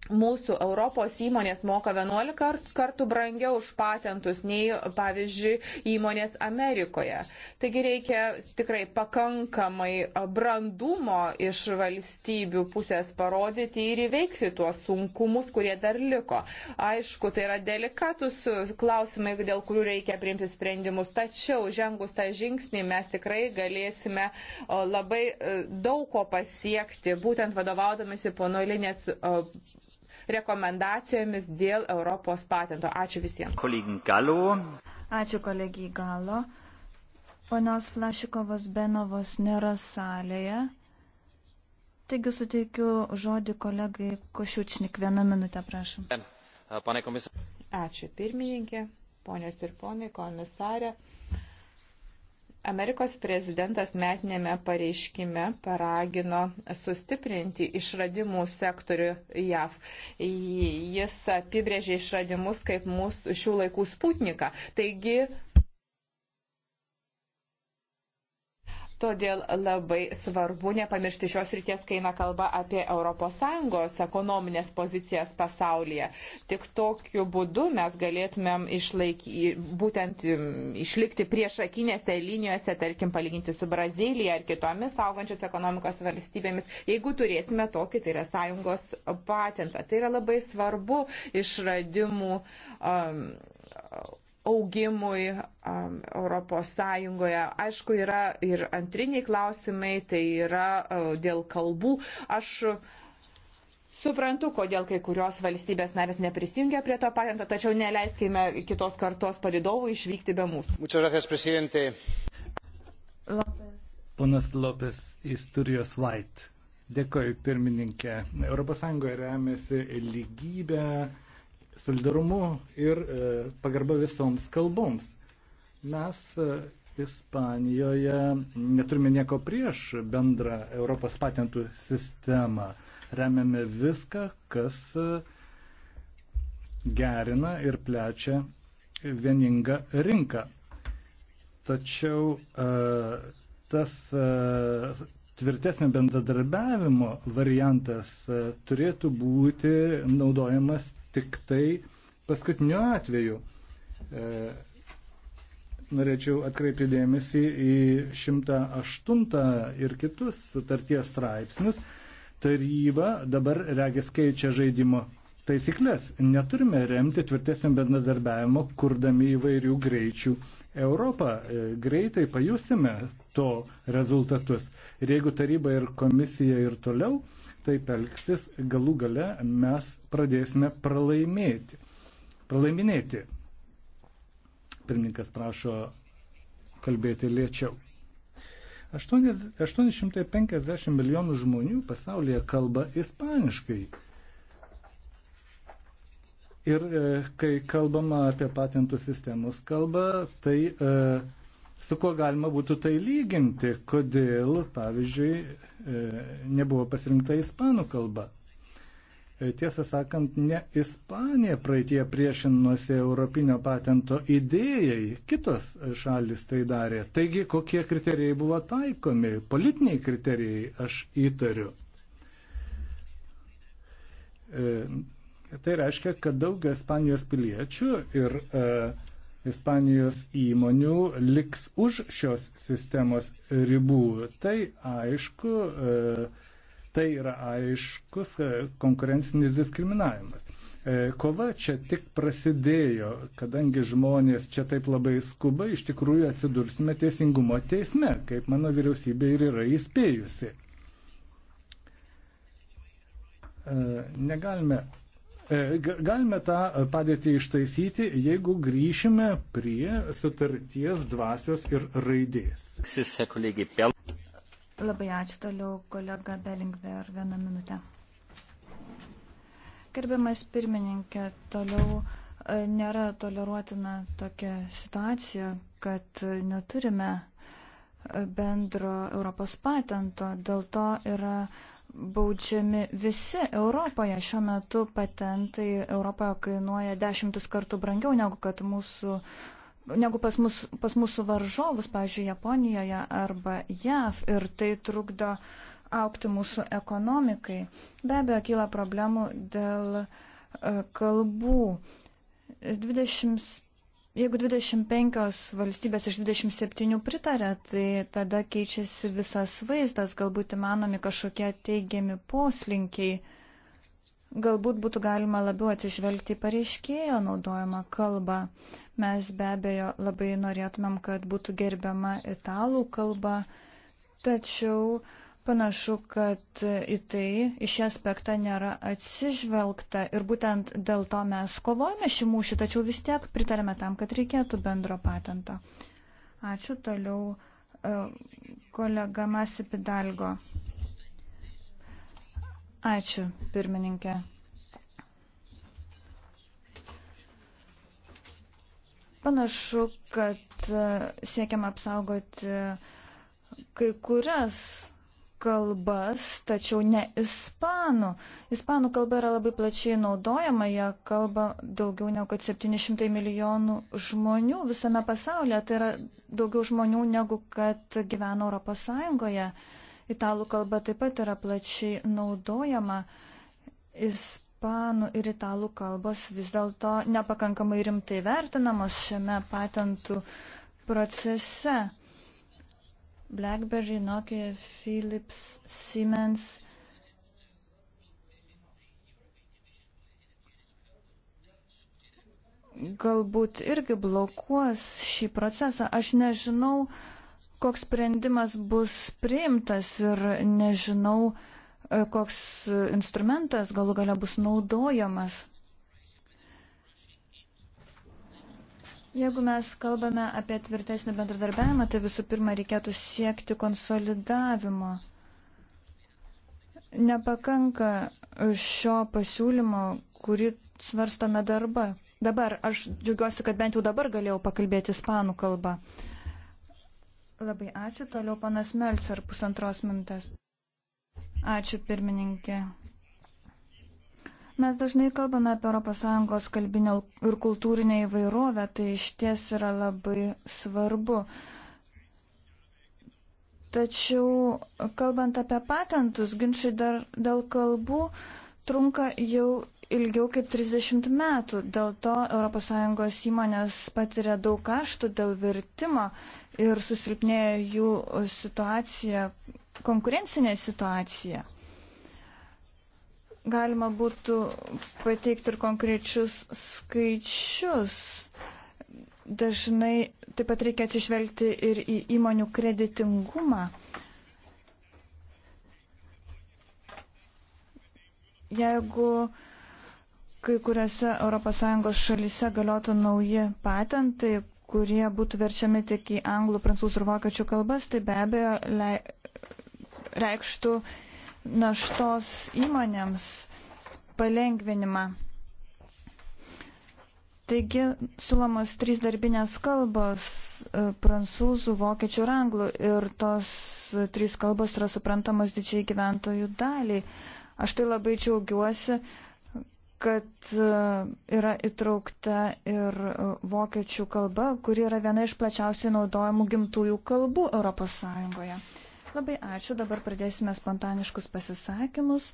mūsų Europos įmonės moka 11 kartų brangiau už patentus nei, pavyzdžiui, įmonės Amerikoje. Taigi reikia tikrai pakankamai brandumo iš valstybių pusės parodyti ir įveikti tuos sunkumus, kurie dar liko. Aišku, tai yra delikatus klausimai, dėl kurių reikia priimti sprendimus, tačiau žengus tą žingsnį mes tikrai galėsime labai daug ko pasiekti, būtent vadovaudomasi ponolinės rekomendacijomis dėl Europos patento. Ačiū visiems. Ačiū kolegijai Galo. Ponios Flašikovos Benovos nėra salėje. Taigi suteikiu žodį kolegai Košiučnik. Vieną minutę, prašom. Pane komisarė. Ačiū pirmininkė, ponios ir ponai, komisarė. Amerikos prezidentas metinėme pareiškime paragino sustiprinti išradimų sektorių JAV. Jis apibrėžė išradimus kaip mūsų šių laikų sputniką. Taigi Todėl labai svarbu nepamiršti šios ryties, kai eina kalba apie ES ekonominės pozicijas pasaulyje. Tik tokiu būdu mes galėtumėm išlaikyti, būtent išlikti priešakinėse linijose, tarkim, palyginti su Brazilija ar kitomis augančios ekonomikos valstybėmis, jeigu turėsime tokį, tai yra sąjungos patentą. Tai yra labai svarbu išradimų um, augimui um, Europos Sąjungoje. Aišku, yra ir antriniai klausimai, tai yra uh, dėl kalbų. Aš suprantu, kodėl kai kurios valstybės narės neprisijungia prie to patento, tačiau neleiskime kitos kartos palidovų išvykti be mūsų. Gracias, Lopes. Ponas Lopes, Isturijos White. Dėkoju, pirmininkė. ES remiasi lygybę solidarumu ir e, pagarba visoms kalboms. Mes e, Ispanijoje neturime nieko prieš bendrą Europos patentų sistemą. Remiame viską, kas e, gerina ir plečia vieningą rinką. Tačiau tas tvirtesnio bendradarbiavimo variantas turėtų būti naudojamas tik tai paskutiniu atveju. E, norėčiau atkreipti dėmesį į 108 ir kitus sutarties straipsnius. Taryba dabar regis keičia žaidimo taisyklės. Neturime remti tvirtesnio bendradarbiavimo, kurdami įvairių greičių Europą. E, greitai pajusime to rezultatus. Ir jeigu taryba ir komisija ir toliau taip elgsis, galų gale mes pradėsime pralaimėti. Pralaiminėti. Pirmininkas prašo kalbėti lėčiau. 850 milijonų žmonių pasaulyje kalba ispaniškai. Ir e, kai kalbama apie patentų sistemos kalbą, tai uh, su kuo galima būtų tai lyginti, kodėl, pavyzdžiui, e, nebuvo pasirinkta ispanų kalba. E, tiesą sakant, ne Ispanija praeitie priešinosi Europinio patento idėjai, kitos šalis tai darė. Taigi, kokie kriterijai buvo taikomi, politiniai kriterijai, aš įtariu. E, tai reiškia, kad daug Ispanijos piliečių ir uh, Ispanijos įmonių liks už šios sistemos ribų. Tai aišku, e, tai yra aiškus e, konkurencinis diskriminavimas. E, kova čia tik prasidėjo, kadangi žmonės čia taip labai skuba, iš tikrųjų atsidursime teisingumo teisme, kaip mano vyriausybė ir yra įspėjusi. Negalime E, galime tą padėtį ištaisyti, jeigu grįšime prie sutarties dvasios ir raidės. Labai ačiū toliau, kolega Belingver, vieną minutę. Gerbiamas pirmininkė, toliau e, nėra toleruotina tokia situacija, kad neturime e, bendro Europos patento, dėl to yra baudžiami visi Europoje. Šiuo metu patentai Europoje kainuoja dešimtis kartų brangiau negu kad mūsų negu pas, mus, pas mūsų varžovus, pavyzdžiui, Japonijoje arba JAV ir tai trukdo aukti mūsų ekonomikai. Be abejo, kyla problemų dėl e, kalbų. 25 Jeigu 25 valstybės iš 27 pritarė, tai tada keičiasi visas vaizdas, galbūt įmanomi kažkokie teigiami poslinkiai. Galbūt būtų galima labiau atsižvelgti į pareiškėjo naudojamą kalbą. Mes be abejo labai norėtumėm, kad būtų gerbiama italų kalba, tačiau uh, Panašu, kad į tai, į šį aspektą nėra atsižvelgta ir būtent dėl to mes kovojame šį mūšį, tačiau vis tiek pritarėme tam, kad reikėtų bendro patento. Ačiū toliau e, kolega Masipidalgo. Ačiū, pirmininkė. Panašu, kad e, siekiam apsaugoti kai kurias kalbas, tačiau ne ispanų. Ispanų kalba yra labai plačiai naudojama, ją kalba daugiau negu 700 milijonų žmonių visame pasaulyje, tai yra daugiau žmonių negu kad gyvena Europos Sąjungoje. Italų kalba taip pat yra plačiai naudojama. Ispanų ir italų kalbos vis dėlto nepakankamai rimtai vertinamos šiame patentų procese. BlackBerry, Nokia, Philips, Siemens. Galbūt irgi blokuos šį procesą. Aš nežinau, koks sprendimas bus priimtas ir nežinau, e, koks instrumentas galų gale bus naudojamas. Jeigu mes kalbame apie tvirtesnį bendradarbiavimą, tai visų pirma reikėtų siekti konsolidavimo. Nepakanka šio pasiūlymo, kurį svarstame darbą. Dabar aš džiaugiuosi, kad bent jau dabar galėjau pakalbėti ispanų kalbą. Labai ačiū. Toliau panas Melcer pusantros minutės. Ačiū pirmininkė. Mes dažnai kalbame apie ES kalbinę ir kultūrinę įvairovę, tai iš ties yra labai svarbu. Tačiau, kalbant apie patentus, ginčiai dar dėl kalbų trunka jau ilgiau kaip 30 metų. Dėl to ES įmonės patiria daug kaštų dėl vertimo ir susilpnėja jų situacija, konkurencinė situacija galima būtų pateikti ir konkrečius skaičius. Dažnai taip pat reikia atsižvelgti ir į įmonių kreditingumą. Jeigu kai kuriuose ES šalyse galiotų nauji patentai, kurie būtų verčiami tik į anglų, prancūzų ir vokiečių kalbas, tai be abejo le... reikštų naštos įmonėms palengvinimą. Taigi siūlomos trys darbinės kalbos e, - prancūzų, vokiečių ir anglų. Ir tos trys kalbos yra suprantamos didžiai gyventojų daliai. Aš tai labai džiaugiuosi, kad e, yra įtraukta ir e, vokiečių kalba, kuri yra viena iš plačiausiai naudojamų gimtųjų kalbų ES. Labai ačiū. Dabar pradėsime spontaniškus pasisakymus.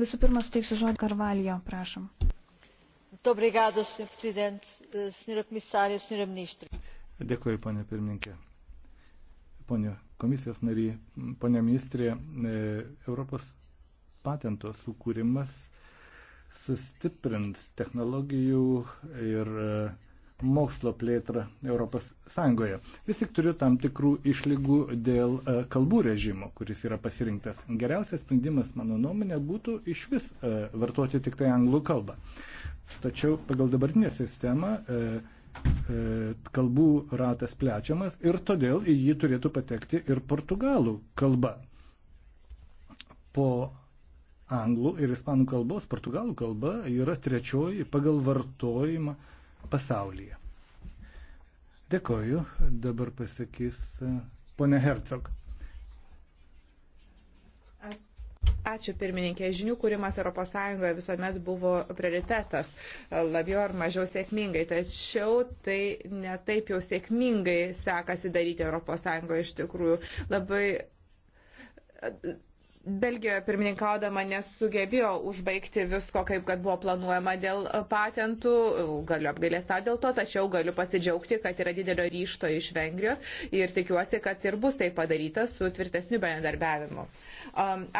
Visų pirma, suteiksiu žodį Karvalijo, prašom. Obrigado, senhora komisarė, senhora ministrė. Dėkuoju, ponė pirmininkė. Ponė komisijos nary, ponė ministrė, e, Europos patento sukūrimas sustiprins technologijų ir uh, mokslo plėtrą Europos Sąjungoje. Vis tik turiu tam tikrų išlygų dėl e, kalbų režimo, kuris yra pasirinktas. Geriausias sprendimas, mano nuomonė, būtų iš vis e, vartoti tik tai anglų kalbą. Tačiau pagal dabartinę sistemą e, kalbų ratas plečiamas ir todėl į jį turėtų patekti ir portugalų kalba. Po anglų ir ispanų kalbos portugalų kalba yra trečioji pagal vartojimą uh, pasaulyje. Dėkoju, dabar pasakys e, ponė Hercog. Ačiū pirmininkė. Žinių kūrimas ES visuomet buvo prioritetas, labiau ar mažiau sėkmingai, tačiau tai netaip jau sėkmingai sekasi daryti ES iš tikrųjų. Labai Belgija pirmininkaudama nesugebėjo užbaigti visko, kaip kad buvo planuojama dėl e, patentų. Galiu apgailestą dėl to, tačiau galiu pasidžiaugti, kad yra didelio ryšto iš Vengrijos ir tikiuosi, kad ir bus tai padaryta su tvirtesniu bendarbiavimu.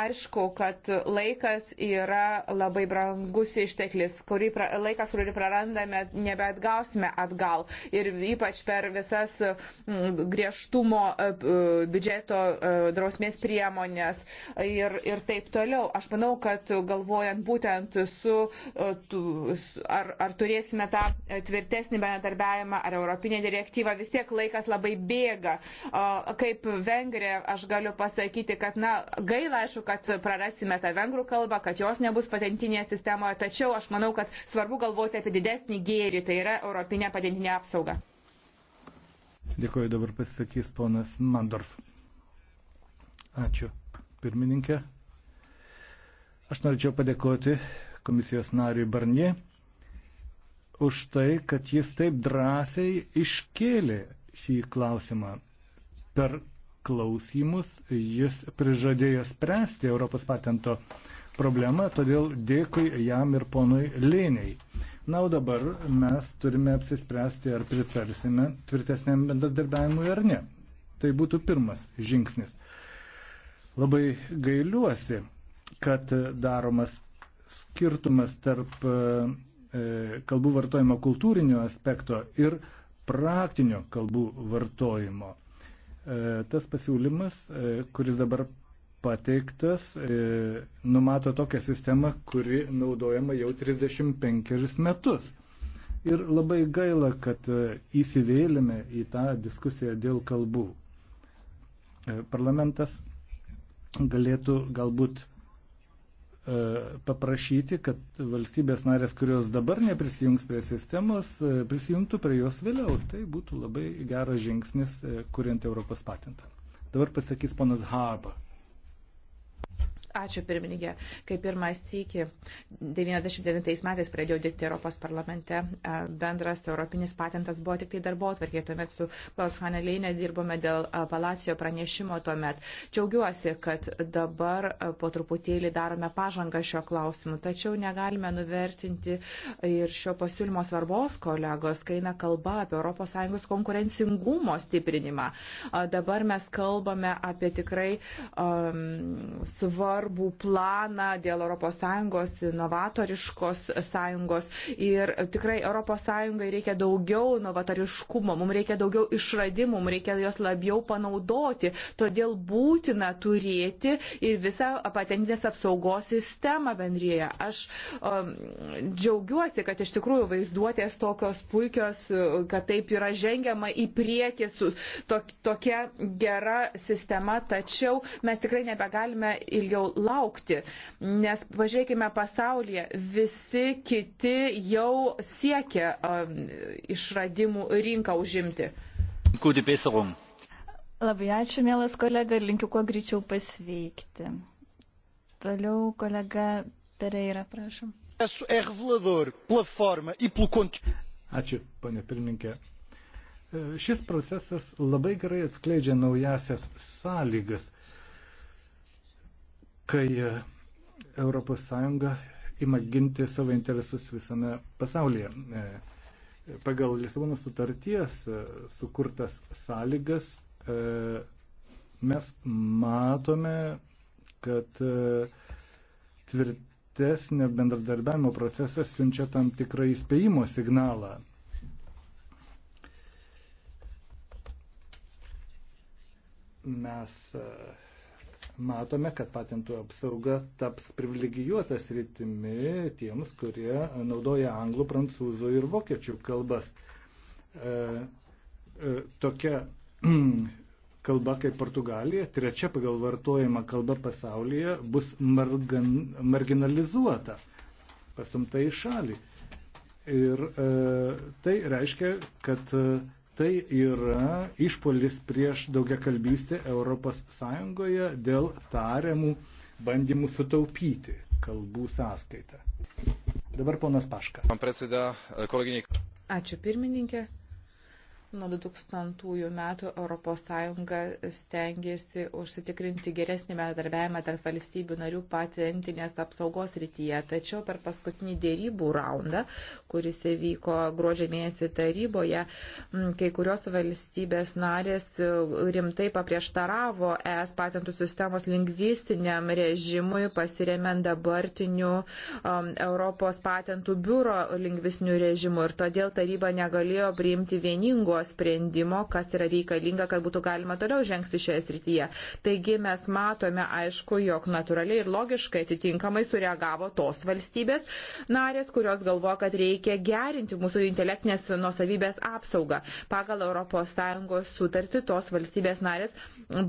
Aišku, kad laikas yra labai brangus išteklis, kurį pra, laikas, kurį prarandame, nebeatgausime atgal. Ir ypač per visas griežtumo e, e, biudžeto drausmės priemonės ir, ir taip toliau. Aš manau, kad galvojant būtent su, e, tu, ar, ar turėsime tą e, tvirtesnį bendradarbiavimą, ar Europinė direktyva, vis tiek laikas labai bėga. Kaip vengrė, aš galiu pasakyti, kad, na, gaila, aišku, kad prarasime tą vengrų kalbą, kad jos nebus patentinėje sistemoje, tačiau aš manau, kad svarbu galvoti apie didesnį gėrį, tai yra Europinė patentinė apsauga. Dėkuoju, dabar pasisakys ponas Mandorf. Ačiū pirmininkė. Aš norėčiau padėkoti komisijos nariui Barnie už tai, kad jis taip drąsiai iškėlė šį klausimą. Per klausimus jis prižadėjo spręsti Europos patento problemą, todėl dėkui jam ir ponui Lėniai. Na, o dabar mes turime apsispręsti, ar pritarsime tvirtesniam bendradarbiavimui ar ne. Tai būtų pirmas žingsnis. Labai gailiuosi, kad daromas skirtumas tarp e, e, kalbų vartojimo kultūrinio aspekto ir praktinio kalbų vartojimo. E, tas pasiūlymas, kuris dabar pateiktas, numato tokią sistemą, kuri naudojama jau 35 metus. Ir labai gaila, kad įsivėlėme į tą diskusiją dėl kalbų. Parlamentas galėtų galbūt e, paprašyti, kad valstybės narės, kurios dabar neprisijungs prie sistemos, e, prisijungtų prie jos vėliau. Tai būtų labai geras žingsnis, e, kuriant Europos patentą. Dabar pasakys ponas Harba. Ačiū pirmininkė. Kaip pirmas sykį 99 metais pradėjau dirbti Europos parlamente. E, bendras europinis patentas buvo tik tai darbo atvarkė. Tuomet su Klaus Haneleinė dirbome dėl e, Palacijo pranešimo tuomet. Džiaugiuosi, kad dabar e, po truputėlį darome pažangą šio klausimu. Tačiau negalime nuvertinti ir šio pasiūlymo svarbos kolegos, kai eina kalba apie ES konkurencingumo stiprinimą. Dabar mes kalbame apie tikrai um, svarbą svarbų planą dėl ES inovatoriškos sąjungos. Ir tikrai ES reikia daugiau novatoriškumo, mums reikia daugiau išradimų, mums reikia jos labiau panaudoti. Todėl būtina turėti ir visą patentinės apsaugos sistemą bendryje. Aš um, džiaugiuosi, kad iš tikrųjų vaizduotės tokios puikios, kad taip yra žengiama į priekį su tok, tokia gera sistema, tačiau mes tikrai nebegalime ilgiau laukti, nes pažiūrėkime pasaulyje, visi kiti jau siekia um, išradimų rinką užimti. Labai ačiū, mielas kolega, linkiu kuo greičiau pasveikti. Toliau kolega Pereira, prašom. E ačiū, ponė pirmininkė. E, šis procesas labai gerai atskleidžia naujasias sąlygas kai ES ima ginti savo interesus visame pasaulyje. E, pagal Lisabono sutarties e, sukurtas sąlygas e, mes matome, kad tvirtesnio bendradarbiavimo procesas siunčia tam tikrą įspėjimo signalą. Mes uh, matome, kad patentų apsauga taps privilegijuotas rytimi tiems, kurie naudoja anglų, prancūzų ir vokiečių kalbas. E, e, tokia kalba kaip Portugalija, trečia pagal vartojimą kalba pasaulyje, bus margan, marginalizuota, pastumta į šalį. Ir e, tai reiškia, kad e, Tai yra išpolis prieš daugiakalbystę ES dėl tariamų bandymų sutaupyti kalbų sąskaitą. Dabar ponas Paška. Ačiū pirmininkė, Nuo 2000 metų ES stengiasi užsitikrinti geresnį bendradarbiavimą tarp valstybių narių patentinės apsaugos rytyje. Tačiau per paskutinį dėrybų raundą, kuris įvyko gruodžio mėnesį taryboje, kai kurios valstybės narės rimtai paprieštaravo ES patentų sistemos lingvistiniam režimui, pasiremiant dabartiniu um, Europos patentų biuro lingvistiniu režimu. Ir todėl taryba negalėjo priimti vieningo sprendimo, kas yra reikalinga, kad būtų galima toliau žengti šioje srityje. Taigi mes matome, aišku, jog natūraliai ir logiškai atitinkamai sureagavo tos valstybės narės, kurios galvoja, kad reikia gerinti mūsų intelektinės nusavybės apsaugą. Pagal ES sutartį tos valstybės narės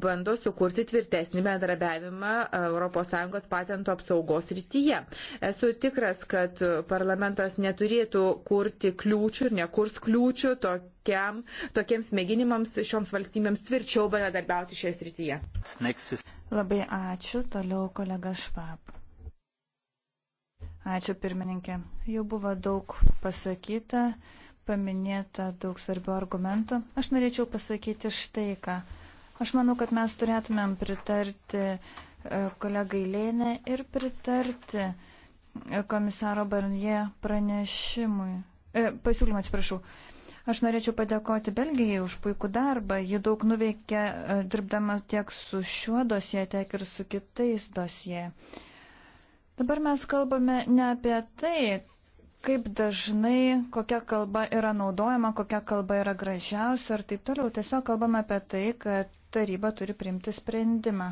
bando sukurti tvirtesnį bendrabiavimą ES patento apsaugos rytyje. Esu tikras, kad parlamentas neturėtų kurti kliūčių ir nekurs kliūčių tokiam tokiam, tokiems mėginimams šioms valstybėms tvirčiau bendradarbiauti šioje srityje. Labai ačiū. Toliau kolega Švab. Ačiū pirmininkė. Jau buvo daug pasakyta, paminėta daug svarbių argumentų. Aš norėčiau pasakyti štai ką. Aš manau, kad mes turėtumėm pritarti e, kolegai Lėnė ir pritarti e, komisaro Barnie pranešimui. E, pasiūlymą atsiprašau. E, Aš norėčiau padėkoti Belgijai už puikų darbą. Ji daug nuveikė e, dirbdama tiek su šiuo dosie, tiek ir su kitais dosie. Dabar mes kalbame ne apie tai, kaip dažnai, kokia kalba yra naudojama, kokia kalba yra gražiausia ir taip toliau. Tiesiog kalbame apie tai, kad taryba turi priimti sprendimą.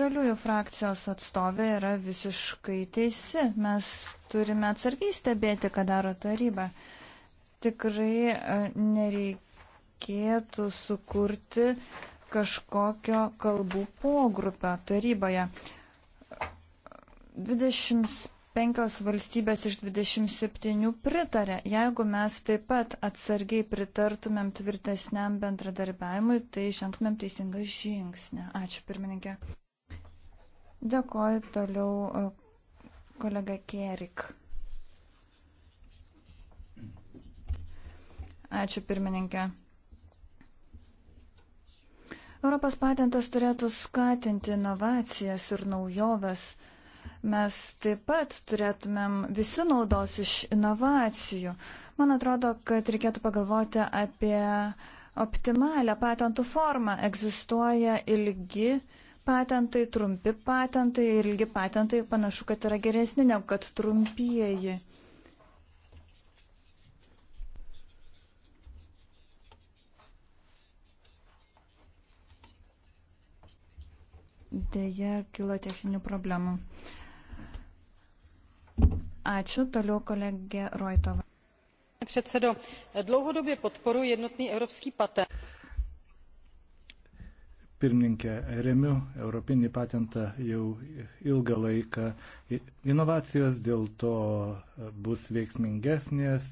Žaliųjų frakcijos atstovė yra visiškai teisi. Mes turime atsargiai stebėti, ką daro taryba tikrai e, nereikėtų sukurti kažkokio kalbų pogrupio taryboje. 25 valstybės iš 27 pritarė. Jeigu mes taip pat atsargiai pritartumėm tvirtesniam bendradarbiavimui, tai žengtumėm teisingą žingsnį. Ačiū, pirmininkė. Dėkoju toliau e, kolega Kerik. Ačiū pirmininkė. Europos patentas turėtų skatinti inovacijas ir naujoves. Mes taip pat turėtumėm visi naudos iš inovacijų. Man atrodo, kad reikėtų pagalvoti apie optimalią patentų formą. Egzistuoja ilgi patentai, trumpi patentai ir ilgi patentai panašu, kad yra geresni negu kad trumpieji. Deja, kilo techninių problemų. Ačiū. Toliau kolegė Roitova. Předsedo, dlouhodobě podporuji jednotný evropský patent pirmininkė, remiu Europinį patentą jau ilgą laiką. Inovacijos dėl to bus veiksmingesnės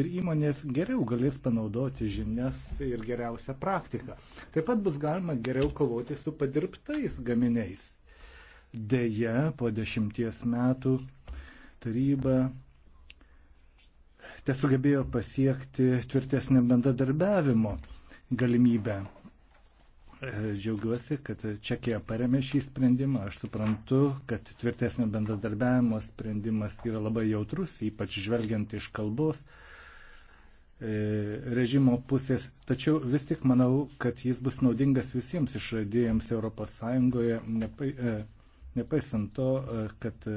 ir įmonės geriau galės panaudoti žinias ir geriausią praktiką. Taip pat bus galima geriau kovoti su padirbtais gaminiais. Deja, po dešimties metų taryba tesugebėjo pasiekti tvirtesnį bendradarbiavimo galimybę E, džiaugiuosi, kad Čekija paremė šį sprendimą. Aš suprantu, kad tvirtesnio bendradarbiavimo sprendimas yra labai jautrus, ypač žvelgiant iš kalbos e, režimo pusės. Tačiau vis tik manau, kad jis bus naudingas visiems išradėjams ES, nepai, e, nepaisant to, kad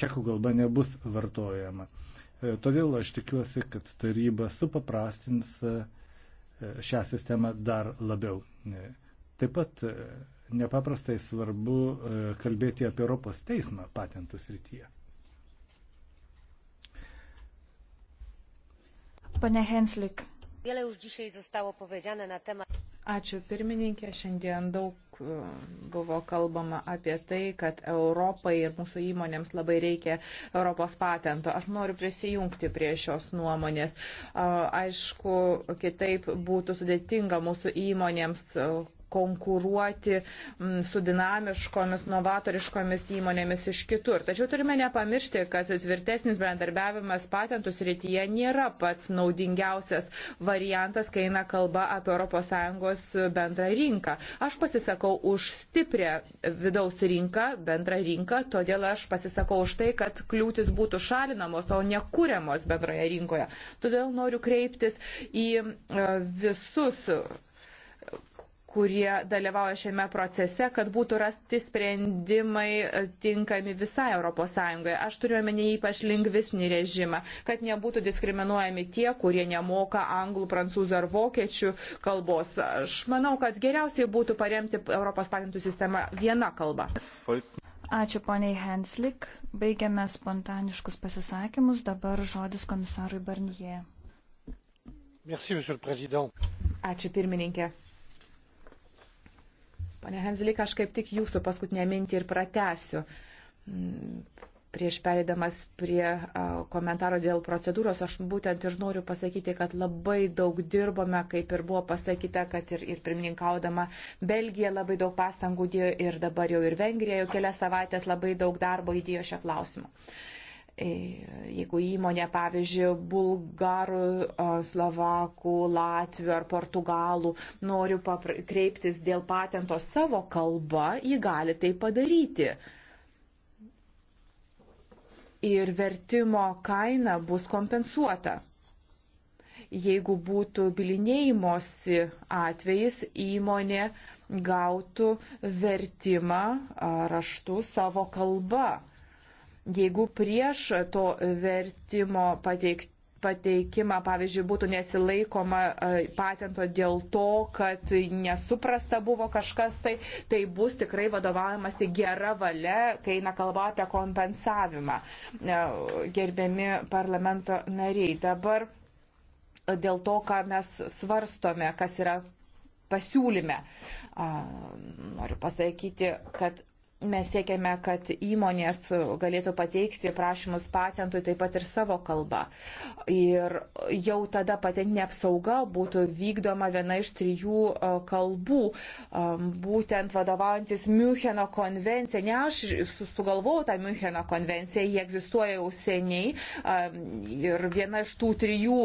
čekų kalba nebus vartojama. Todėl aš tikiuosi, kad taryba supaprastins šią sistemą dar labiau. Taip pat e, nepaprastai svarbu e, kalbėti apie Europos teismą patentų srityje. Pane Henslik. Ačiū pirmininkė, šiandien daug buvo kalbama apie tai, kad Europai ir mūsų įmonėms labai reikia Europos patento. Aš noriu prisijungti prie šios nuomonės. Aišku, kitaip būtų sudėtinga mūsų įmonėms konkuruoti mm, su dinamiškomis, novatoriškomis įmonėmis iš kitur. Tačiau turime nepamiršti, kad tvirtesnis bendarbiavimas patentų srityje nėra pats naudingiausias variantas, kai eina kalba apie ES bendrą rinką. Aš pasisakau už stiprią vidaus rinką, bendrą rinką, todėl aš pasisakau už tai, kad kliūtis būtų šalinamos, o nekūriamos bendroje rinkoje. Todėl noriu kreiptis į e, visus kurie dalyvauja šiame procese, kad būtų rasti sprendimai e, tinkami visai ES. Aš turiu omenyje ypač lingvisnį režimą, kad nebūtų diskriminuojami tie, kurie nemoka anglų, prancūzų ar vokiečių kalbos. Aš manau, kad geriausiai būtų paremti Europos patentų sistemą viena kalba. Ačiū poniai Henslik. Baigiame spontaniškus pasisakymus. Dabar žodis komisarui Barnie. Merci, Ačiū pirmininkė. Pane Henzelik, aš kaip tik jūsų paskutinę mintį ir pratesiu. Mm, prieš perėdamas prie komentaro dėl procedūros, aš būtent ir noriu pasakyti, kad labai daug dirbome, kaip ir buvo pasakyta, kad ir, ir pirmininkaudama Belgija labai daug pastangų dėjo ir dabar jau ir Vengrija jau kelias savaitės labai daug darbo įdėjo šią klausimą jeigu įmonė, pavyzdžiui, bulgarų, slovakų, latvių ar portugalų nori kreiptis dėl patento savo kalba, ji gali tai padaryti. Ir vertimo kaina bus kompensuota. Jeigu būtų bilinėjimosi atvejis, įmonė gautų vertimą raštu savo kalba Jeigu prieš to vertimo pateikti pateikimą, pavyzdžiui, būtų nesilaikoma e, patento dėl to, kad nesuprasta buvo kažkas, tai, tai bus tikrai vadovaujamasi gera valia, kai eina kalba apie kompensavimą. E, gerbiami parlamento nariai, dabar dėl to, ką mes svarstome, kas yra pasiūlyme. Noriu pasakyti, kad Mes siekiame, kad įmonės galėtų pateikti prašymus patentui taip pat ir savo kalbą. Ir jau tada patentinė apsauga būtų vykdoma viena iš trijų e, kalbų, e, būtent vadovaujantis Müncheno konvencija. Ne aš sugalvojau tą Müncheno konvenciją, jie egzistuoja jau seniai. E, ir viena iš tų trijų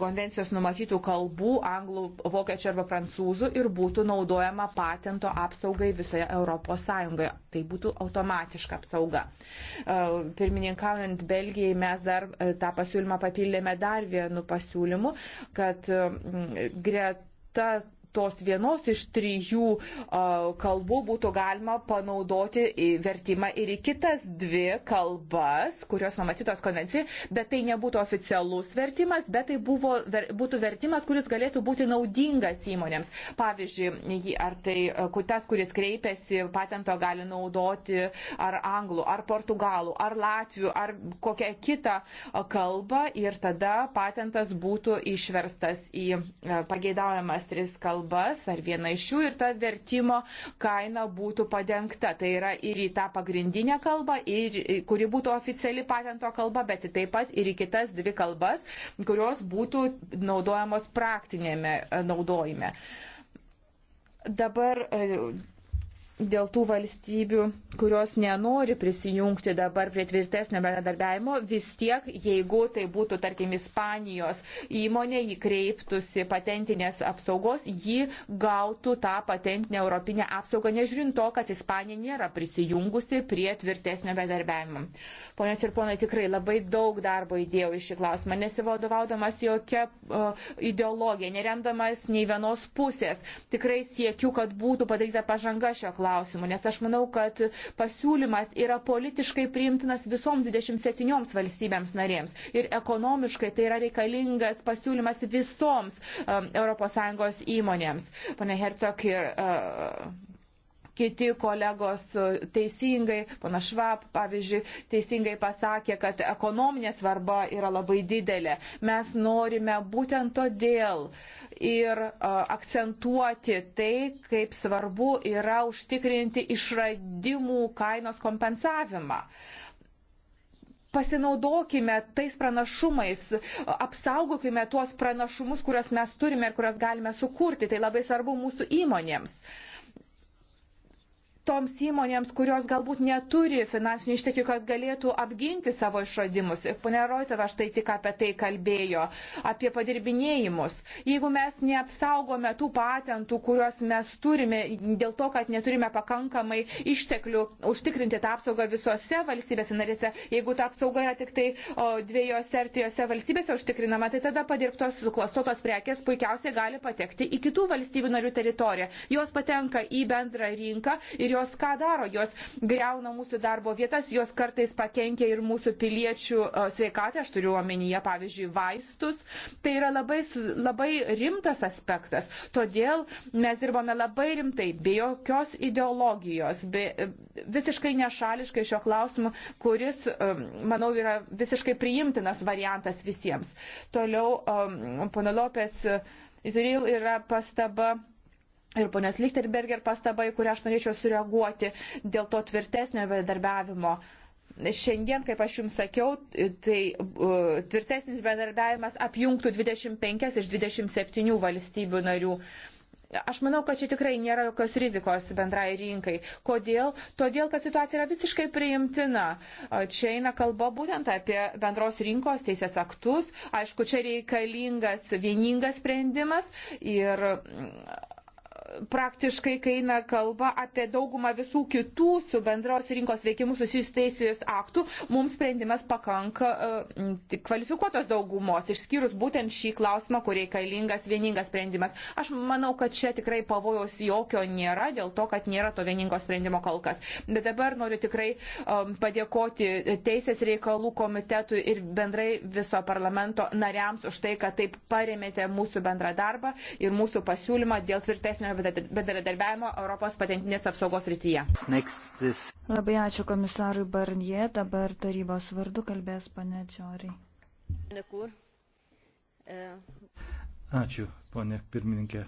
konvencijos numatytų kalbų - anglų, vokiečių arba prancūzų - ir būtų naudojama patento apsaugai visoje Europos Sąjungoje tai būtų automatiška apsauga. E, pirmininkaujant Belgijai mes dar e, tą pasiūlymą papildėme dar vienu pasiūlymu, kad greta tos vienos iš trijų kalbų būtų galima panaudoti vertimą ir į kitas dvi kalbas, kurios numatytos konvencijai, bet tai nebūtų oficialus vertimas, bet tai buvo, ver, būtų vertimas, kuris galėtų būti naudingas įmonėms. Pavyzdžiui, ar tai tas, kuris kreipiasi patento gali naudoti ar anglų, ar portugalų, ar latvių, ar kokią kitą kalbą ir tada patentas būtų išverstas į e, pageidaujamas tris kalbas kalbas ar vieną iš jų ir ta vertimo kaina būtų padengta. Tai yra ir į tą pagrindinę kalbą, ir, kuri būtų oficiali patento kalba, bet taip pat ir į kitas dvi kalbas, kurios būtų naudojamos praktinėme e, naudojime. Dabar e, dėl tų valstybių, kurios nenori prisijungti dabar prie tvirtesnio bendradarbiavimo, vis tiek, jeigu tai būtų, tarkim, Ispanijos įmonė, jį kreiptųsi patentinės apsaugos, ji gautų tą patentinę europinę apsaugą, nežiūrint to, kad Ispanija nėra prisijungusi prie tvirtesnio bendradarbiavimo. Ponios ir ponai, tikrai labai daug darbo įdėjau į šį klausimą, nesivadovaudamas jokia uh, ideologija, neremdamas nei vienos pusės. Tikrai siekiu, kad būtų padaryta pažanga šio klausimo klausimu, nes aš manau, kad pasiūlymas yra politiškai priimtinas visoms 27 valstybėms narėms ir ekonomiškai tai yra reikalingas pasiūlymas visoms um, ES įmonėms. Pane Hercog ir uh, kiti kolegos e, teisingai, pana Švab, pavyzdžiui, teisingai pasakė, kad ekonominė svarba yra labai didelė. Mes norime būtent todėl ir e, akcentuoti tai, kaip svarbu yra užtikrinti išradimų kainos kompensavimą pasinaudokime tais pranašumais, apsaugokime tuos pranašumus, kuriuos mes turime ir kuriuos galime sukurti. Tai labai svarbu mūsų įmonėms toms įmonėms, kurios galbūt neturi finansinių išteklių, kad galėtų apginti savo išradimus. Pone Roitova, štai tik apie tai kalbėjo, apie padirbinėjimus. Jeigu mes neapsaugome tų patentų, kuriuos mes turime dėl to, kad neturime pakankamai išteklių užtikrinti tą apsaugą visose valstybėse narėse, jeigu ta apsauga yra tik tai dviejose ar trijose valstybėse užtikrinama, tai tada padirbtos suklastotos prekės puikiausiai gali patekti į kitų valstybių narių teritoriją. Jos patenka į bendrą rinką ir jos jos ką daro, jos greuna mūsų darbo vietas, jos kartais pakenkia ir mūsų piliečių sveikatą, aš turiu omenyje, pavyzdžiui, vaistus. Tai yra labai, labai rimtas aspektas. Todėl mes dirbame labai rimtai, be jokios ideologijos, be, visiškai nešališkai šio klausimu, kuris, manau, yra visiškai priimtinas variantas visiems. Toliau, um, pono Lopės, Izrail yra pastaba ir ponios Lichterberger pastabai, kurią aš norėčiau sureaguoti dėl to tvirtesnio bendarbiavimo šiandien, kaip aš jums sakiau, tai uh, tvirtesnis bendarbiavimas apjungtų 25 iš 27 valstybių narių. Aš manau, kad čia tikrai nėra jokios rizikos bendrai rinkai. Kodėl? Todėl, kad situacija yra visiškai priimtina. E, čia eina kalba būtent apie bendros rinkos teisės aktus. Aišku, čia reikalingas vieningas sprendimas ir praktiškai, kai eina kalba apie daugumą visų kitų su bendros rinkos veikimu susijusių teisės aktų, mums sprendimas pakanka uh, kvalifikuotos daugumos, išskyrus būtent šį klausimą, kur reikalingas vieningas sprendimas. Aš manau, kad čia tikrai pavojaus jokio nėra, dėl to, kad nėra to vieningo sprendimo kol kas. Bet dabar noriu tikrai um, padėkoti Teisės reikalų komitetui ir bendrai viso parlamento nariams už tai, kad taip paremėte mūsų bendrą darbą ir mūsų pasiūlymą dėl tvirtesnio bendradarbiavimo Europos patentinės apsaugos rytyje. Labai ačiū komisarui Barnie, dabar tarybos vardu kalbės pane Čioriai. Ačiū, ponė pirmininkė.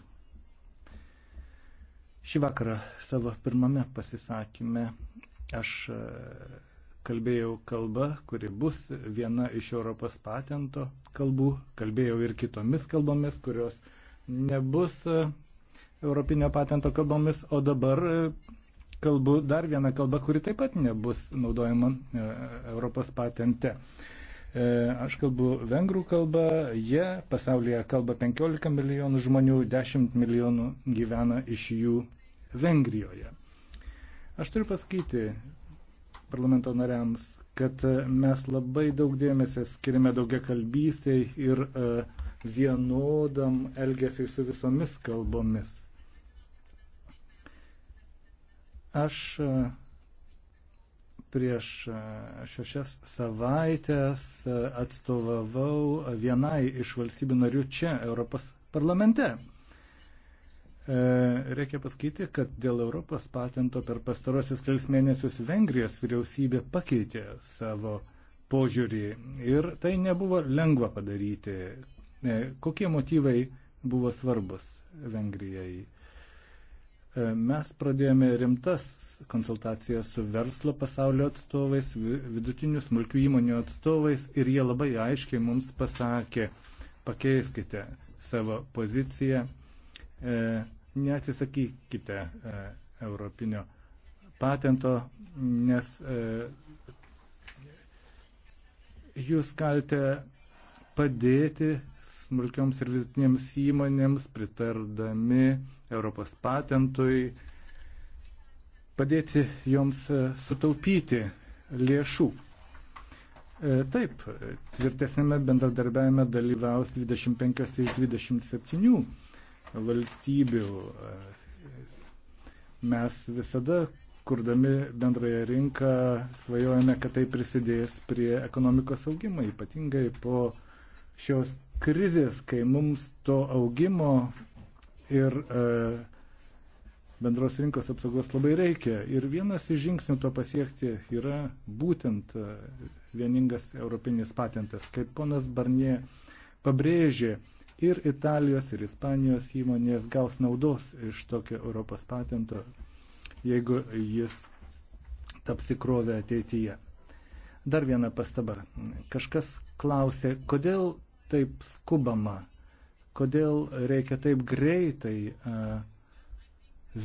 Šį vakarą savo pirmame pasisakymė aš e, kalbėjau kalbą, kuri bus viena iš Europos patento kalbų, kalbėjau ir kitomis kalbomis, kurios nebus e, Europinio patento kalbomis, o dabar e, kalbu dar vieną kalbą, kuri taip pat nebus naudojama e, Europos patente. E, aš kalbu vengrų kalbą, jie pasaulyje kalba 15 milijonų žmonių, 10 milijonų gyvena iš jų Vengrijoje. Aš turiu pasakyti parlamento nariams, kad mes labai daug dėmesio skiriame daugia kalbystėj ir vienodam elgesiai su visomis kalbomis. Aš e, prieš e, šešias savaitės e, atstovavau vienai iš valstybių narių čia, Europos parlamente. Reikia pasakyti, kad dėl Europos patento per pastarosius kelis mėnesius Vengrijos vyriausybė pakeitė savo požiūrį ir tai nebuvo lengva padaryti. Kokie motyvai buvo svarbus Vengrijai? E, mes pradėjome rimtas konsultacijas su verslo pasaulio atstovais, vidutinių smulkių įmonių atstovais ir jie labai aiškiai mums pasakė, pakeiskite savo poziciją, e, neatsisakykite e, europinio patento, nes jūs galite padėti smulkioms ir vidutinėms įmonėms pritardami Europos patentui, padėti joms e, sutaupyti lėšų. E, taip, tvirtesnėme bendradarbiavime dalyvaus 25 iš 27 valstybių. E, mes visada, kurdami bendrąją rinką, svajojame, kad tai prisidės prie ekonomikos augimo, ypatingai po šios krizės, kai mums to augimo ir e, bendros rinkos apsaugos labai reikia. Ir vienas iš žingsnių to pasiekti yra būtent e, vieningas europinis patentas. Kaip ponas Barnie pabrėžė, ir Italijos, ir Ispanijos įmonės gaus naudos iš tokio Europos patento, jeigu jis taps tikrovę ateityje. Dar viena pastaba. Kažkas klausė, kodėl taip skubama kodėl reikia taip greitai e,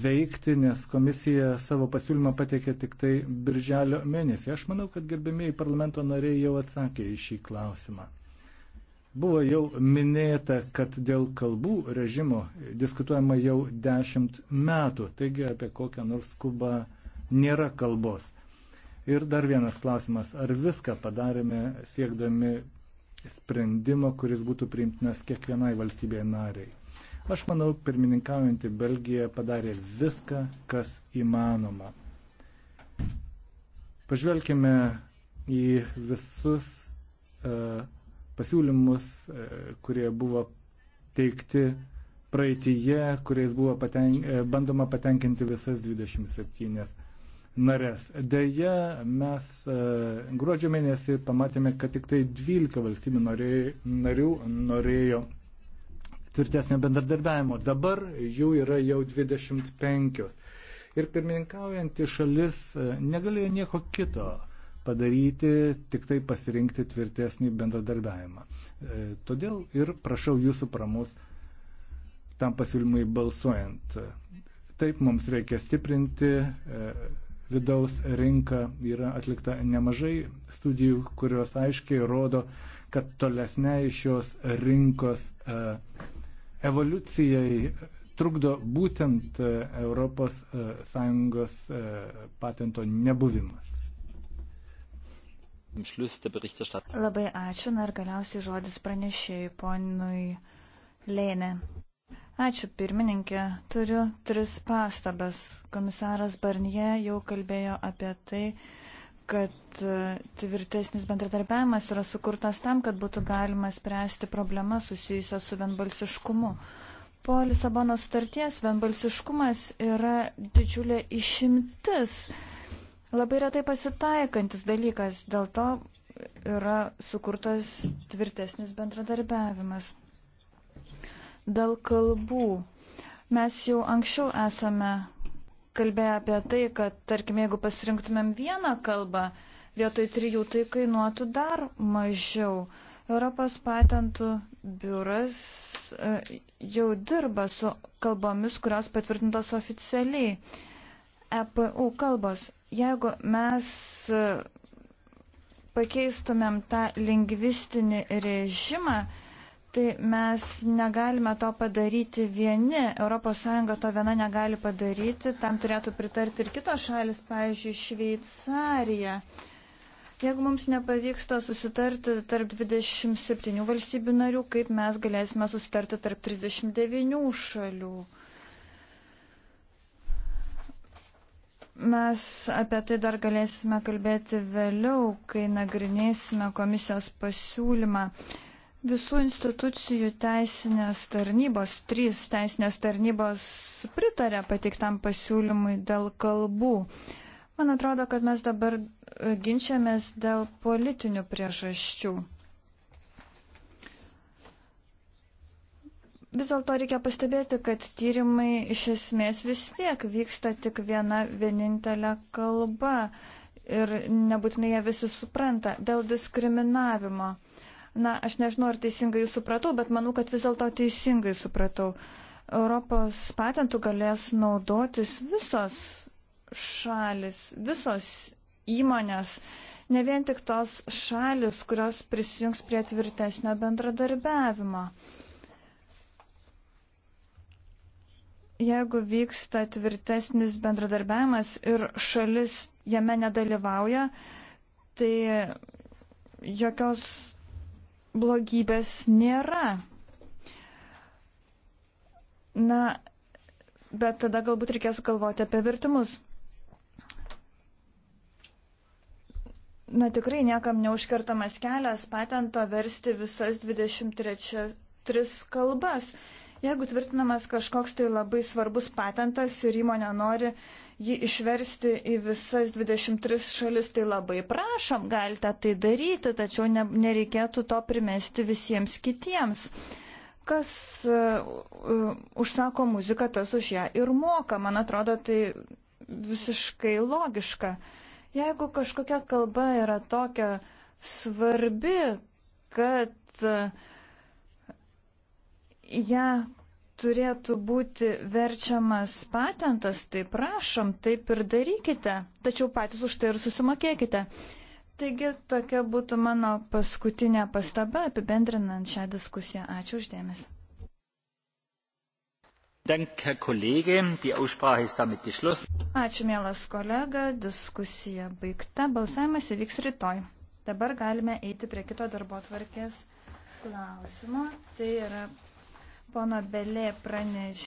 veikti, nes komisija savo pasiūlymą pateikė tik tai birželio mėnesį. Aš manau, kad gerbėmiai parlamento nariai jau atsakė į šį klausimą. Buvo jau minėta, kad dėl kalbų režimo diskutuojama jau dešimt metų, taigi apie kokią nors skubą nėra kalbos. Ir dar vienas klausimas, ar viską padarėme siekdami sprendimo, kuris būtų priimtinas kiekvienai valstybėje nariai. Aš manau, pirmininkaujantį Belgiją padarė viską, kas įmanoma. Pažvelkime į visus e, pasiūlymus, e, kurie buvo teikti praeitįje, kuriais buvo paten, e, bandoma patenkinti visas 27 narės. Deja, mes e, gruodžio mėnesį pamatėme, kad tik tai 12 valstybių norėjo, narių norėjo tvirtesnio bendradarbiavimo. Dabar jų yra jau 25. Ir pirmininkaujantį šalis e, negalėjo nieko kito padaryti, tik tai pasirinkti tvirtesnį bendradarbiavimą. E, todėl ir prašau jūsų pramus tam pasiūlymui balsuojant. Taip mums reikia stiprinti vidaus rinką yra atlikta nemažai studijų, kurios aiškiai rodo, kad tolesniai šios rinkos e, evoliucijai e, trukdo būtent ES e, patento nebuvimas. Labai ačiū, na ir galiausiai žodis pranešėjai ponui Lėnė. Ačiū pirmininkė. Turiu tris pastabas. Komisaras Barnie jau kalbėjo apie tai, kad e, tvirtesnis tai bendradarbiavimas yra sukurtas tam, kad būtų galima spręsti problemą susijusią su vienbalsiškumu. Po Lisabono sutarties vienbalsiškumas yra didžiulė išimtis, labai retai pasitaikantis dalykas, dėl to yra sukurtas tvirtesnis bendradarbiavimas. Dėl kalbų. Mes jau anksčiau esame kalbėję apie tai, kad, tarkim, jeigu pasirinktumėm vieną kalbą, vietoj trijų tai kainuotų dar mažiau. Europos patentų biuras e, jau dirba su kalbomis, kurios patvirtintos oficialiai. EPU kalbos. Jeigu mes e, pakeistumėm tą lingvistinį režimą, tai mes negalime to padaryti vieni, ES to viena negali padaryti, tam turėtų pritarti ir kitos šalis, pavyzdžiui, Šveicarija. Jeigu mums nepavyksta susitarti tarp 27 valstybių narių, kaip mes galėsime susitarti tarp 39 šalių? Mes apie tai dar galėsime kalbėti vėliau, kai nagrinėsime komisijos pasiūlymą. Uh, Visų institucijų teisinės tarnybos, trys teisinės tarnybos pritarė pateiktam pasiūlymui dėl kalbų. Man atrodo, kad mes dabar e, ginčiamės dėl politinių priežasčių. Vis dėlto reikia pastebėti, kad tyrimai iš esmės vis tiek vyksta tik viena vienintelė kalba ir nebūtinai jie visi supranta dėl diskriminavimo Na, aš nežinau, ar teisingai jūs supratau, bet manau, kad vis dėlto teisingai supratau. Europos patentų galės naudotis visos šalis, visos įmonės, ne vien tik tos šalis, kurios prisijungs prie tvirtesnio bendradarbiavimo. Jeigu vyksta tvirtesnis bendradarbiavimas ir šalis jame nedalyvauja, tai jokios blogybės nėra. Na, bet tada galbūt reikės galvoti apie vertimus. Na tikrai niekam neužkertamas kelias patento versti visas 23 kalbas. Jeigu tvirtinamas kažkoks tai labai svarbus patentas ir įmonė nori jį išversti į visas 23 šalis, tai labai prašom, galite tai daryti, tačiau ne, nereikėtų to primesti visiems kitiems. Kas uh, uh, užsako muziką, tas už ją ir moka. Man atrodo, tai visiškai logiška. Jeigu kažkokia kalba yra tokia svarbi, kad uh, ją ja, turėtų būti verčiamas patentas, tai prašom, taip ir darykite, tačiau patys už tai ir susimokėkite. Taigi tokia būtų mano paskutinė pastaba apibendrinant šią diskusiją. Ačiū uždėmesi. Ačiū, mielas kolega, diskusija baigta, balsavimas įvyks rytoj. Dabar galime eiti prie kito darbo tvarkės klausimo. Tai yra pono Belė praneš.